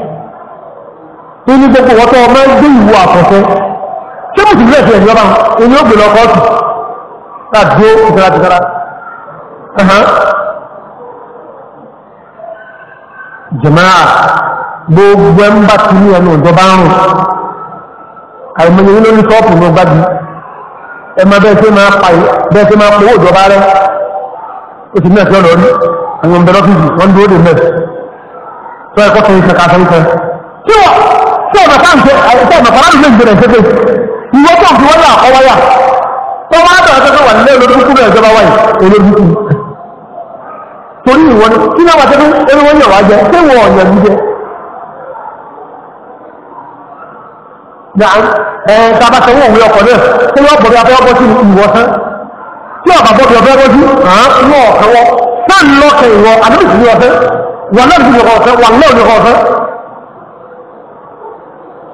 inú gbogbo wọ́n tó ọmọ gbé ìwò àkọ́kọ́ ṣé mo sì rí ẹ̀sìn ìjọba inú ó gbèrò ọkọ̀ ọ̀tù láti dé ìtara tìtara jẹ̀máà gbogbo ẹ̀ bá ti ní ẹnu ìjọba ń rùn àìmọye ní ẹ máa bẹ́ẹ̀ tí máa pa bẹ́ẹ̀ tí máa powó ìjọba rẹ ó ti mẹ́ẹ̀sì ọ̀nà rí àwọn ọmọdé lọ́fíìsì wọ́n dúró dè mẹ́ẹ̀sì tó ẹ̀kọ́ tó sọ̀rọ̀ fi wọ́n yà ọwọ́ yà tó wá dọ̀ ṣẹ́fẹ́ wà nílẹ̀ olódúkú bẹ̀rẹ̀ ìjọba wáyé olódúkú torí ìwọ kí náà wà tẹ́lẹ̀ wọ́n yà wá jẹ ṣé wọ́n ọ̀yàn jíjẹ. tàbá sẹ́wọ́n òwe ọkọ̀ wọ́n bọ̀dọ̀ abẹ́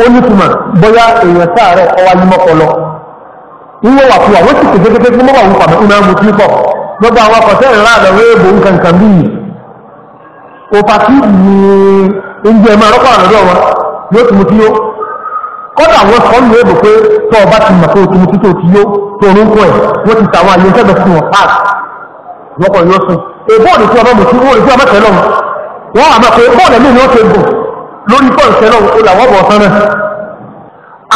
ó nítumọ̀ bóyá èèyàn sáàrẹ̀ ọwá yí mọ́kọlọ ìwọ wà fún wa wọ́n sì kéde kéde fún mọ́wàá wùpà mẹ́kúnná mu tí pọ̀ gbogbo àwọn akọ̀tẹ́ ìrìnlá rẹ̀ wé ebò bí yìí òpàtí ní oúnjẹ ẹ̀mọ́ àrọ́pọ̀ tí yó kọ́dà sọ ní pé tó ọba ti mọ̀ pé o tí tó o ẹ̀ wọ́n ti tàwọn lórí pọ́ǹsẹ̀ náà ó làwọ́ bọ̀ sánà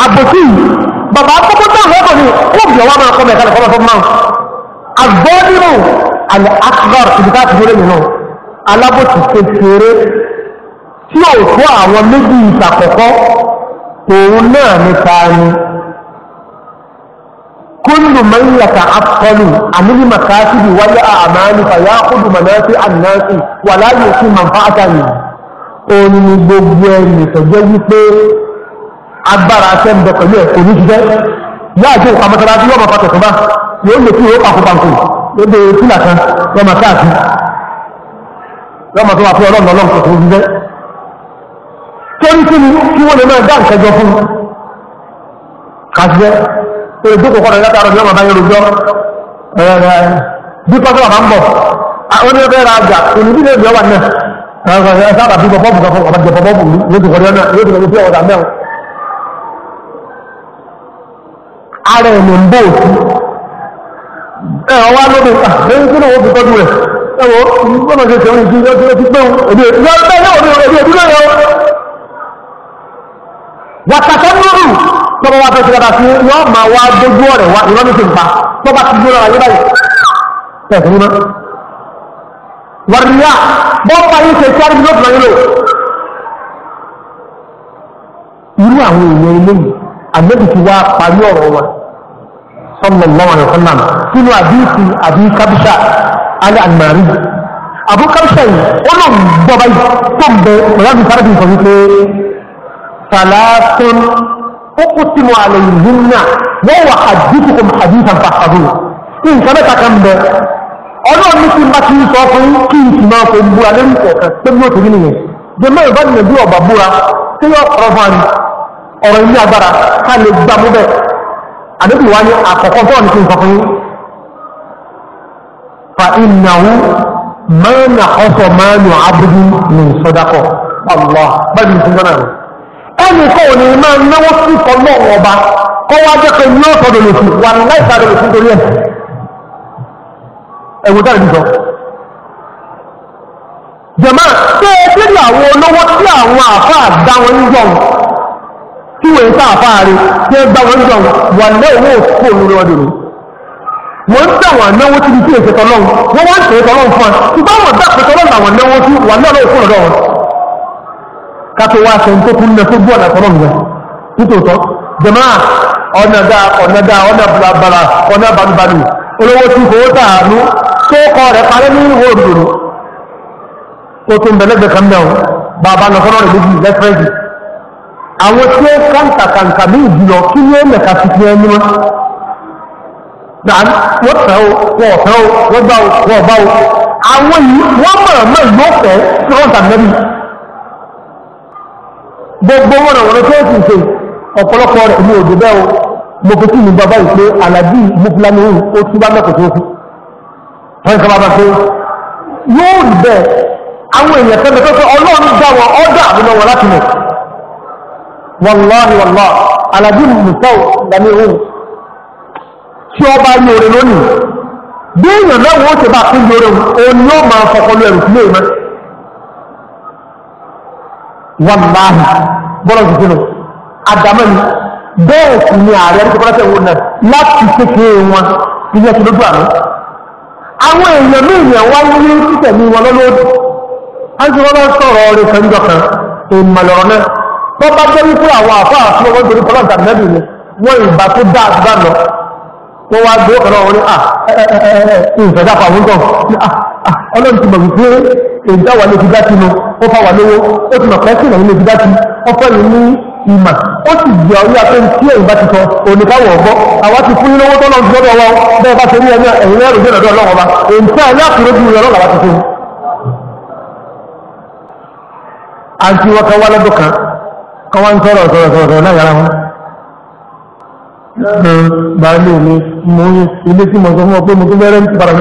àbòsí bàbá akọ́kọ́tà lọ́bọ̀ ni kóòbì ọwọ́ máa kọ́mẹ̀ kálẹ̀ fọ́lọ́fọ́ máa àgbọ́dínú àlẹ́ akbar ibi ká ti dúró lẹ́yìn náà alábòsí kékeré tí ó tó àwọn méjì ìtàkọ́kọ́ òun náà ní taani kúndùn mẹ́yàtà afọ́lù àníbi màkásìbì wáyé àmàlì fàyà kúndùn mọ̀lẹ́sì ànáàsì wàláyé sí màfáàtà nìyí òun ni gbogbo ẹni tọ́jọ́ wípé agbára tẹ́ ń bẹ pẹ̀lú ẹ̀kọ́ ní ṣiṣẹ́ yá àti òkú àmọ́tara tí wọ́n mọ̀ pàtó tó bá yóò lè kí ìwé pàkópàkó lóde fúlà kan lọ́mọ káàkiri lọ́mọ tó wà fún ọlọ́run ọlọ́run tó tó ṣiṣẹ́ torí kí ni kí wọ́n lè máa dá ìṣẹ́jọ fún kàṣẹ́ èrè tó kọ̀kọ́ rẹ̀ látara ní ọmọ bá yẹrù jọ bí pásọ̀ bá ń bọ̀ àwọn ẹgbẹ́ ra àjà òní bí lè bí ọ wà náà sábà bí bọ́bọ́bù kan fún ọmọ jẹ bọ́bọ́bù yóò ti kọ̀dọ̀ náà yóò ti kọ̀dọ̀ sí ọ̀dà mẹ́rin ara ẹ̀mí ń bò sí ẹ̀rọ wá lóbi lẹ́yìn tí wọ́n fi tọ́jú rẹ̀ ẹ̀wọ̀ gbọ́nà ṣe tẹ̀wọ́n ìdí ọjọ́ ti pẹ́ òbí ẹ̀dúró yẹn o wàtàkẹ́ lóru tọ́ba wa fẹ́ ti dada sí yọ́ọ́ máa wá gbójú ọ̀rẹ́ wa ìrọ́mí ti ń pa tọ́ba ti gbó wàríyá bọ́pá yìí ṣe sáré lọ́dún ayé lò irú àwọn èèyàn eléyìí àgbẹ̀bì ti wá parí ọ̀rọ̀ wa sallallahu alaihi wasallam sínú àbíkú àbí kábíṣà alẹ́ àmàrí àbú kábíṣà yìí ó lọ gbọba yìí tó ń bẹ pẹ̀lú àbí sáré bìí sọ wípé salatun wa wà àdíkùkùm àdíkàn fàfàdù nǹkan mẹ́ta kan bẹ ọlọ́run ní kí n bá ti ń sọ fún kí n sì máa fò búra lẹ́nu kọ̀ọ̀kan pé bí ó ti rí nìyẹn jẹmọ́ ìbá nìyẹn bí ọba búra tí yóò ọ̀rọ̀ fún àní ọ̀rọ̀ ilé agbára ká lè gbà mú bẹ́ẹ̀ àdébì wáyé àkọ́kọ́ tó ní kí n sọ fún yín fa ìnáwó mẹ́rin àkọ́sọ̀ mẹ́rin àbúrú ní sọ́dákọ̀ Allah bẹ́ẹ̀ ni ìsinjọ́ náà ẹnì kọ́ ò ní máa náwó sí ọlọ́run ọba kọ́ jẹ́ pé ní ọ̀sọ̀dọ̀ lòsì wà láìsàdọ̀ lòsì torí ẹ̀ ẹ̀wọ̀n tẹ́rẹ̀ ti sọ jẹ̀mọ́ tó ẹgbẹ́ ní àwọn olówó tí àwọn àfáà dá wọn ń jọ tí wọ́n sá àfáà rí tí ó dá wọn ń jọ wà lẹ́wọ́ òkú òun lọ́dọ̀ ni wọ́n ń tẹ̀ wọ́n náwó tí kí èsè tọ́lọ́ wọ́n wọ́n ṣe tọ́lọ́ fún ọ ṣùgbọ́n wọ́n dá pẹ̀tọ́lọ́ làwọn náwó tí wà lọ́dọ̀ òkú lọ́dọ̀ wọn ká tó wá aṣọ tó kún lẹ́kọ́ bú olówó ti fowó tààánú tó kọ rẹ̀ parẹ́ ní ìwò òdòdó ó tún bẹ̀lẹ́gbẹ̀ kan bàbá lọ rẹ̀ méjì lẹ́fẹ́ẹ̀dì àwọn tí ó kàǹkà ní ìjìnlọ kí ní ó wọ́n mo fi kí ni bàbá yìí pé alájí mufulani ó tún bá mẹ́kọ̀ọ́ tó kú wọ́n kọ́ bàbá pé yóò rí bẹ́ẹ̀ àwọn èèyàn fẹ́ mẹ́tọ́ pé ọlọ́run dá wọn ọ́dà nínú wọn láti mọ̀ wàlá tí ó bá lónìí bí èèyàn náà wọ́n bá òun ni bẹ́ẹ̀ sì ni ààrẹ ní kọ́kọ́rọ́ tẹ̀wọ́ náà láti kékeré wọn ní ẹ̀sùn lójú àná àwọn èèyàn méèyàn wá ní títẹ̀lé wọn lọ́lọ́dì ájú wọn bá sọ̀rọ̀ ọ̀rẹ́ kẹjọ kan ìmọ̀lọ́rọ̀ náà wọ́n bá jẹ́ wípé àwọn àti ọwọ́ ni wọ́n ìgbà tó dá àdúgbà lọ wọ́n wá gbé ọ̀rọ̀ orí à pàwọn ọlọ́run ti ìmà ó sì jẹ́ orí apẹ́ tí èyí bá ti sọ oníkáwọ̀ ọ̀gbọ́ àwa ti fún ilówó tọ́lọ́ ti lọ́dọ̀ wa bẹ́ẹ̀ bá ṣe rí ẹni ẹ̀yìn ẹ̀rù jẹ́ lọ́dọ̀ ọlọ́wọ́ bá èyí tí a ní àkúrò ju ìrọ̀ lọ́wọ́ ti fún. àti wọn kan wá lọ́dọ̀ kan kan wá ń sọ̀rọ̀ sọ̀rọ̀ bàálù mi mo ń ilé tí mo sọ fún ọ pé mo tún bẹ́rẹ̀ ń padà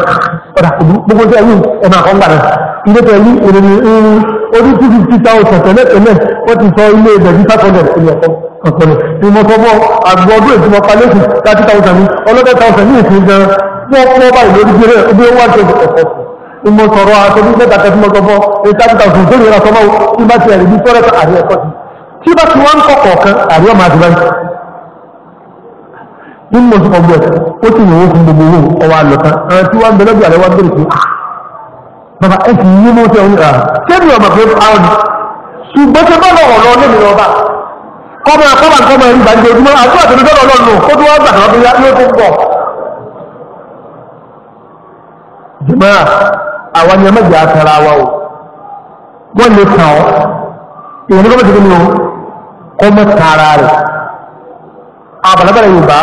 padà gbogbo tí a yí ẹ̀nà kan padà ilé tẹ̀ yí ìrìn orí two fifty thousand tẹ́lẹ̀ tẹ́lẹ̀ wọ́n ti sọ ilé ìbẹ̀jú five hundred ìlú ọ̀kọ́ ọ̀kọ́lẹ̀ tí mo sọ fún àgbọ̀ ọdún èsì mọ̀ palẹ́sì thirty thousand ọlọ́dẹ̀ thousand ní ìsìn gan wọ́n pọ́ báyìí lórí gbére obi owó àti ọ̀kọ́ mo sọ̀rọ̀ àtọ́jú mẹ́ta tẹ́tí mo sọ fún ẹ thirty thousand tó yẹra sọ́mọ́ tí bá ti ẹ̀rí bí fọ́rẹ́ àrí ẹ̀kọ́ ti tí bá ti wá ń kọ̀kọ̀ kan àrí ọmọ àti báyìí nínú oṣù ọgbẹ ó ti yòówó fún gbogbo owó ọwọ́ àlọtán àwọn tí wọn ń bẹ lọ́gbẹ̀ àlẹ wọn bẹ̀rẹ̀ pé ah, bàbá ẹ sì yí mọ́tò ẹ̀hún rà ah, sẹ́ni ọmọ pé ah, àwọn ni ṣùgbọ́n ṣe bá lọ́wọ́ lọ lẹ́nu lọ́ba kọ́mọ kọ́mọ kọ́mọ ẹ̀rí ìgbàlejò ojúmọ́ àti àtẹnu sọ́dọ̀ ọlọ́run kó tó wá gbàgbọ́ bí yóò tó ń bọ̀. jùmọ́ àwọn ni ẹ mẹ́jọ àtàrà wa o wọ́n lè kàn ọ́ èèyàn ní kọ́mọ tẹ̀lé mi o kọ́mọ tààrà rẹ̀ àbàlábàlà Yorùbá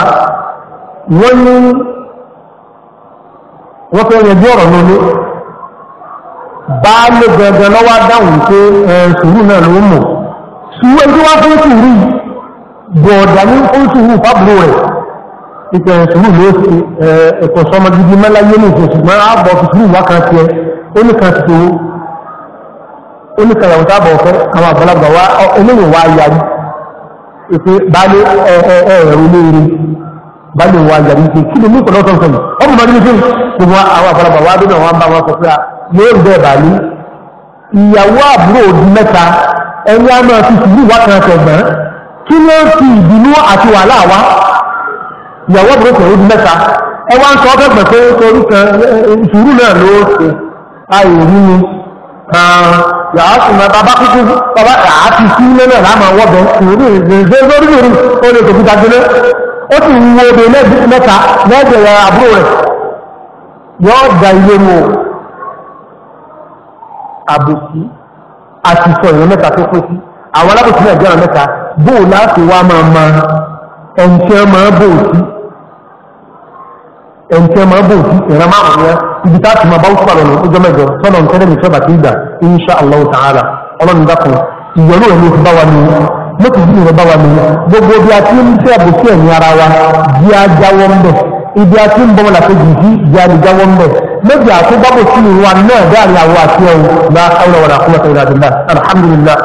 wọ́n ní wọ́n fẹ́ yẹn bí ọ̀rọ̀ lónìí baálé gẹ̀ẹ́gẹ̀ lọ́wọ́ dáhùn pé sùúrù náà ló mọ̀ sùúrù tí wọ́n fún sùúrù bọ̀ọ̀dà ní fún sùúrù fábùrù rẹ̀ ìpẹ̀ sùúrù ló ṣe gidi mẹ́láyé ní bali báyìí wà yàrá ike kí ni ní kọ̀dọ̀ tó ń sọ̀rọ̀ ọmọ màdìrí fún gbogbo àwọn àfọlọ́bà wà bí wọn bá wọn sọ pé yóò rí bẹ́ẹ̀ bàálí ìyàwó àbúrò òdi mẹ́ta ẹni á máa fi sùúrù wá kan tẹ̀gbọ́n kí ló ń fi ìbínú àti wàhálà wá ìyàwó àbúrò kò òdi mẹ́ta ẹ wá ń sọ fẹ́gbẹ̀ pé torí kan sùúrù náà ló ṣe àìrí ni yàrá sì máa bàbá kúkú bàbá àti sí lẹ́nà láàmú àwọn ọ̀bẹ sùúrù ìgbésẹ̀ lórí lórí ó lè tòkúta gbélé otu sì ń na obè mẹ́ta lẹ́gbẹ̀ẹ́ ya rẹ̀ yóò da ọ ga àbòsí mụ sọ ìrìn mẹ́ta tó pín sí àwọn alábòsí nàìjíríà mẹ́ta bóò láti wá ma ẹni tí wọ́n máa osi sí máa bòó sí ìran márùn-ún yẹn ibi tá a ti máa bá wúkọ́ àlọ́ ọjọ́ mọ́kànlá ìrọ̀bá wa nìyẹn gbogbo ibi àti ń fẹ́ àbòsí ẹ̀yìn ara wa di ajáwọ́ ń bẹ̀ ibi àti ń bọ́ wọn làkejì sí di alìjáwọ́ ń bẹ̀ méjì àti bábò sí ìwà náà dáàrin àwọn àti ẹ̀wù la hawla wala quwwata illa billah alhamdulillah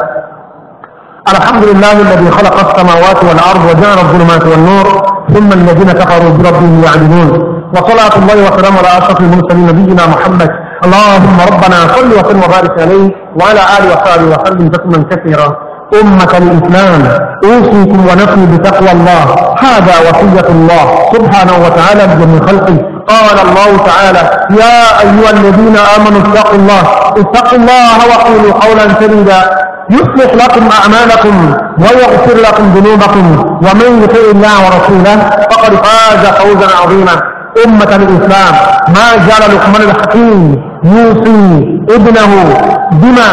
الحمد لله الذي خلق السماوات والأرض وجعل الظلمات والنور ثم الذين كفروا بربهم يعدلون وصلاة الله وسلامه على أشرف المرسلين نبينا محمد اللهم ربنا صل وسلم وبارك عليه وعلى آله وصحبه وسلم تسليما كثيرا أمة الإسلام أوصيكم ونفسي بتقوى الله هذا وصية الله سبحانه وتعالى لجميع خلقه قال الله تعالى يا أيها الذين آمنوا اتقوا الله اتقوا الله وقولوا قولا سديدا يصلح لكم أعمالكم ويغفر لكم ذنوبكم ومن يطع الله ورسوله فقد فاز فوزا عظيما أمة الإسلام ما جعل لقمان الحكيم يوصي ابنه بما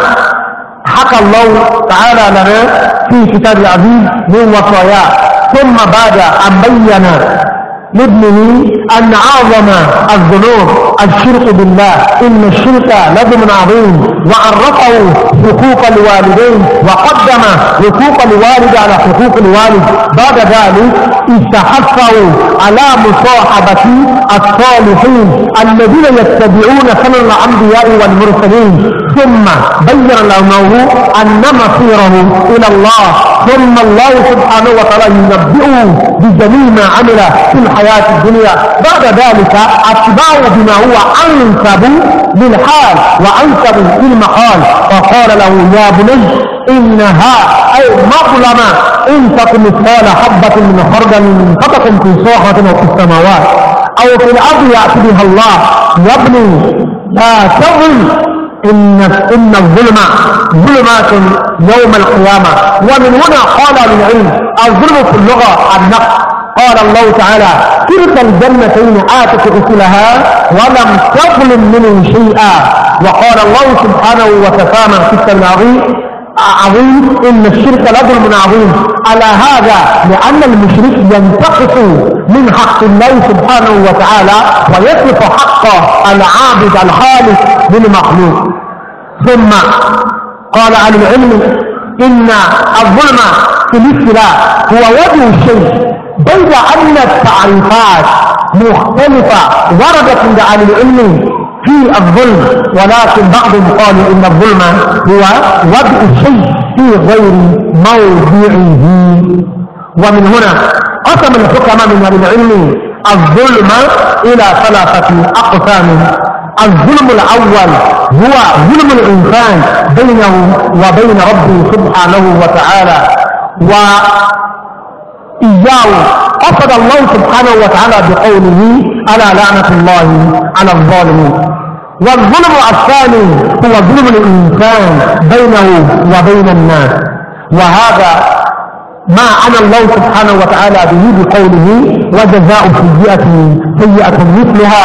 حكى الله تعالى لنا في كتاب العزيز من وصاياه ثم بعد أن بين لابنه أن أعظم الذنوب الشرك بالله إن الشرك لظلم عظيم وعرفه حقوق الوالدين وقدم حقوق الوالد على حقوق الوالد بعد ذلك استحفوا على مصاحبة الصالحين الذين يتبعون سنن الأنبياء والمرسلين ثم بين لهم أن مصيره إلى الله ثم الله سبحانه وتعالى ينبئه بجميع ما عمل في الحياة الحياة الدنيا بعد ذلك أتباع بما هو أنسب للحال وأنسب للمقال فقال له يا بني إنها أي مظلمة إن تكن مثقال حبة من خردل فتكن في صحة أو في السماوات أو في الأرض يأتي بها الله يا ابني لا تظلم إن إن الظلم ظلمات يوم القيامة ومن هنا قال للعلم الظلم في اللغة النقص قال الله تعالى تلك الجنتين آتت أكلها ولم تظلم منه شيئا وقال الله سبحانه وتفاهم في العظيم عظيم إن الشرك لظلم عظيم على هذا لأن المشرك ينتقص من حق الله سبحانه وتعالى ويصرف حق العابد الخالق للمخلوق ثم قال عن العلم إن الظلم في الابتلاء هو وجه الشيء بيد أن التعريفات مختلفة وردت عند أهل العلم في الظلم ولكن بعضهم قال إن الظلم هو وضع الشيء في غير موضعه ومن هنا قسم الحكم من أهل العلم الظلم إلى ثلاثة أقسام الظلم الأول هو ظلم الإنسان بينه وبين ربه سبحانه وتعالى و إياه قصد الله سبحانه وتعالى بقوله ألا لعنة الله على الظالمين والظلم الثاني هو ظلم الإنسان بينه وبين الناس وهذا ما أنا الله سبحانه وتعالى به بقوله وجزاء سيئة سيئة مثلها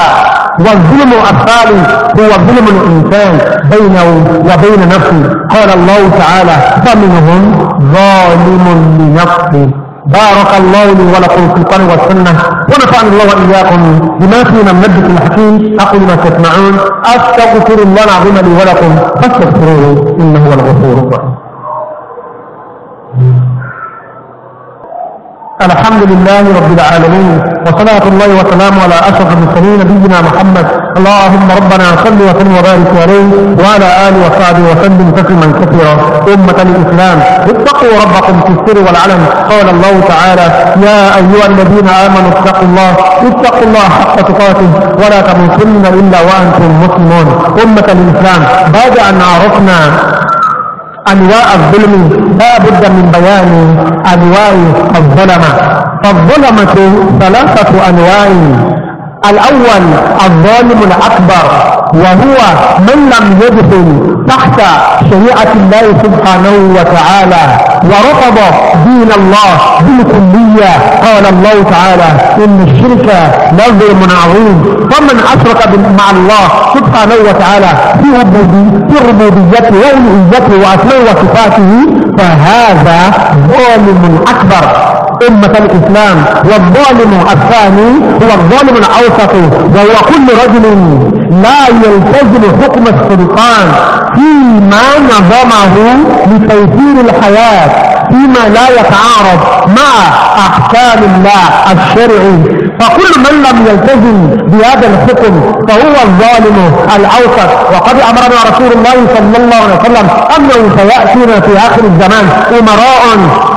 والظلم الثاني هو ظلم الإنسان بينه وبين نفسه قال الله تعالى فمنهم ظالم لنفسه بارك الله لي ولكم في القرآن والسنة ونفعني الله وإياكم بما فينا من مجد الحكيم أقول ما تسمعون أستغفر الله العظيم لي ولكم فاستغفروه إنه هو الغفور الرحيم الحمد لله رب العالمين وصلاة الله وسلامه على أشرف المرسلين نبينا محمد اللهم ربنا صل وسلم وبارك عليه وعلى آله وصحبه وسلم تسليما كثيرا أمة الإسلام اتقوا ربكم في السر والعلن قال الله تعالى يا أيها الذين آمنوا اتقوا الله اتقوا الله حق تقاته ولا تموتن إلا وأنتم مسلمون أمة الإسلام بعد أن عرفنا أنواع الظلم لا بد من بيان أنواع الظلمة فالظلمة ثلاثة أنواع الأول الظالم الأكبر وهو من لم يدخل تحت شريعة الله سبحانه وتعالى ورفض دين الله بالكلية قال الله تعالى إن الشرك لظلم عظيم فمن أشرك مع الله سبحانه وتعالى في ربوبيته وألوهيته وأسماء وصفاته فهذا ظالم أكبر أمة الإسلام والظالم الثاني هو الظالم الأوسط وهو كل رجل لا يلتزم حكم السلطان فيما نظمه لتوفير الحياة فيما لا يتعارض مع أحكام الله الشرعي فكل من لم يلتزم بهذا الحكم فهو الظالم الاوسط وقد امرنا رسول الله صلى الله عليه وسلم انه سياتينا في اخر الزمان امراء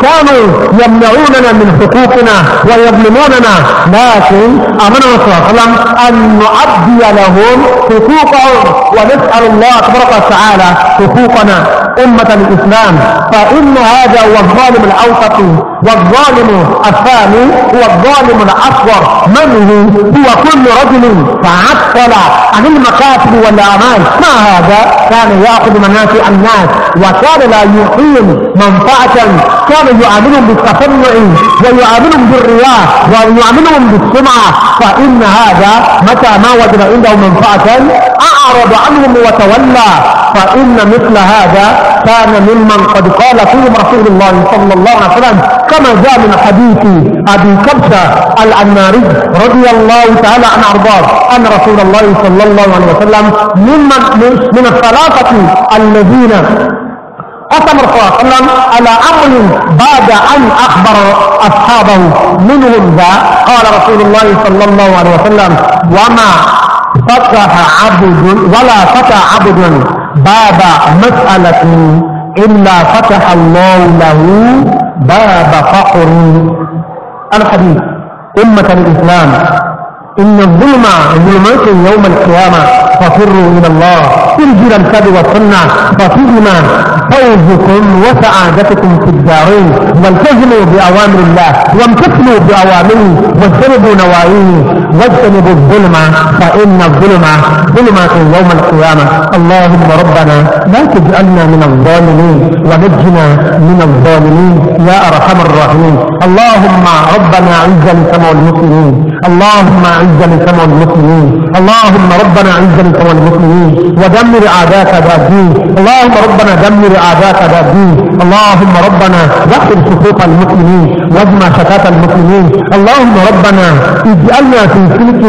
كانوا يمنعوننا من حقوقنا ويظلموننا لكن امرنا صلى الله عليه وسلم ان نؤدي لهم حقوقهم ونسال الله تبارك وتعالى حقوقنا أمة الإسلام فإن هذا هو الظالم الأوسط والظالم الثاني هو الظالم الأصغر من هو هو كل رجل تعطل عن المكاسب والأعمال ما هذا كان يأخذ منافع الناس وكان لا يقيم منفعة كان يعاملهم بالتصنع ويعاملهم بالرياء ويعاملهم بالسمعة فإن هذا متى ما وجد عنده منفعة أعرض عنهم وتولى فإن مثل هذا كان ممن قد قال فيهم رسول الله صلى الله عليه وسلم كما جاء من حديث أبي كبشة العناري رضي الله تعالى عن أرضاه أن رسول الله صلى الله عليه وسلم ممن من الثلاثة الذين قسم الله صلى الله عليه وسلم على امر بعد ان اخبر اصحابه منهم ذا قال رسول الله صلى الله عليه وسلم وما فتح عبد ولا فتح عبد باب مسألة إلا فتح الله له باب فقر الحديث أمة الإسلام إن الظلم ظلمات يوم القيامة ففروا إلى الله انزل الكذب والسنة ففيهما فوزكم وسعادتكم في الدارين والتزموا بأوامر الله وامتثلوا بأوامره واجتنبوا نواهيه واجتنبوا الظلم فإن الظلم ظلمة يوم القيامة اللهم ربنا لا تجعلنا من الظالمين ونجنا من الظالمين يا أرحم الراحمين اللهم ربنا أعز لسمع المسلمين اللهم أعز لسمع المسلمين اللهم ربنا أعز الشرك والمسلمين ودمر اعداءك ذا دين اللهم ربنا دمر اعداءك ذا دين اللهم ربنا دخل صفوف المسلمين واجمع شتات المسلمين اللهم ربنا اجعلنا في سلك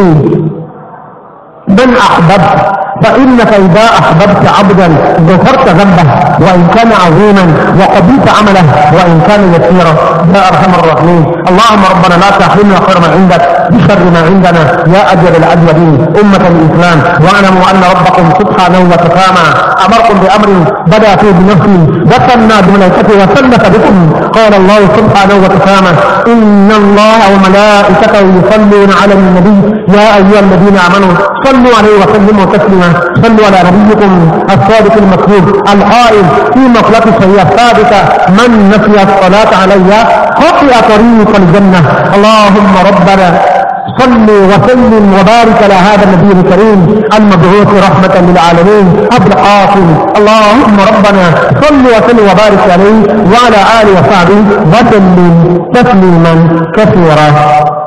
من احببت فإنك إذا أحببت عبدا غفرت ذنبه وإن كان عظيما وقبلت عمله وإن كان يسيرا يا أرحم الراحمين اللهم ربنا لا تحرمنا خير ما عندك بشر ما عندنا يا أجل الأجلين أمة الإسلام واعلموا أن ربكم سبحانه وتعالى أمركم بأمر بدأ فيه بنفسه وثنى بملائكته وثلث بكم قال الله سبحانه وتعالى إن الله وملائكته يصلون على النبي يا أيها الذين آمنوا صلوا عليه وسلموا تسليما صلوا على نبيكم الصادق المكتوب الحائل في مخلص سيئة ثابتة من نسي الصلاة علي خطئ طريق وأصحاب الجنة اللهم ربنا صل وسلم وبارك على هذا النبي الكريم المبعوث رحمة للعالمين أبو القاسم اللهم ربنا صل وسلم وبارك عليه وعلى آله وصحبه وسلم تسليما كثيرا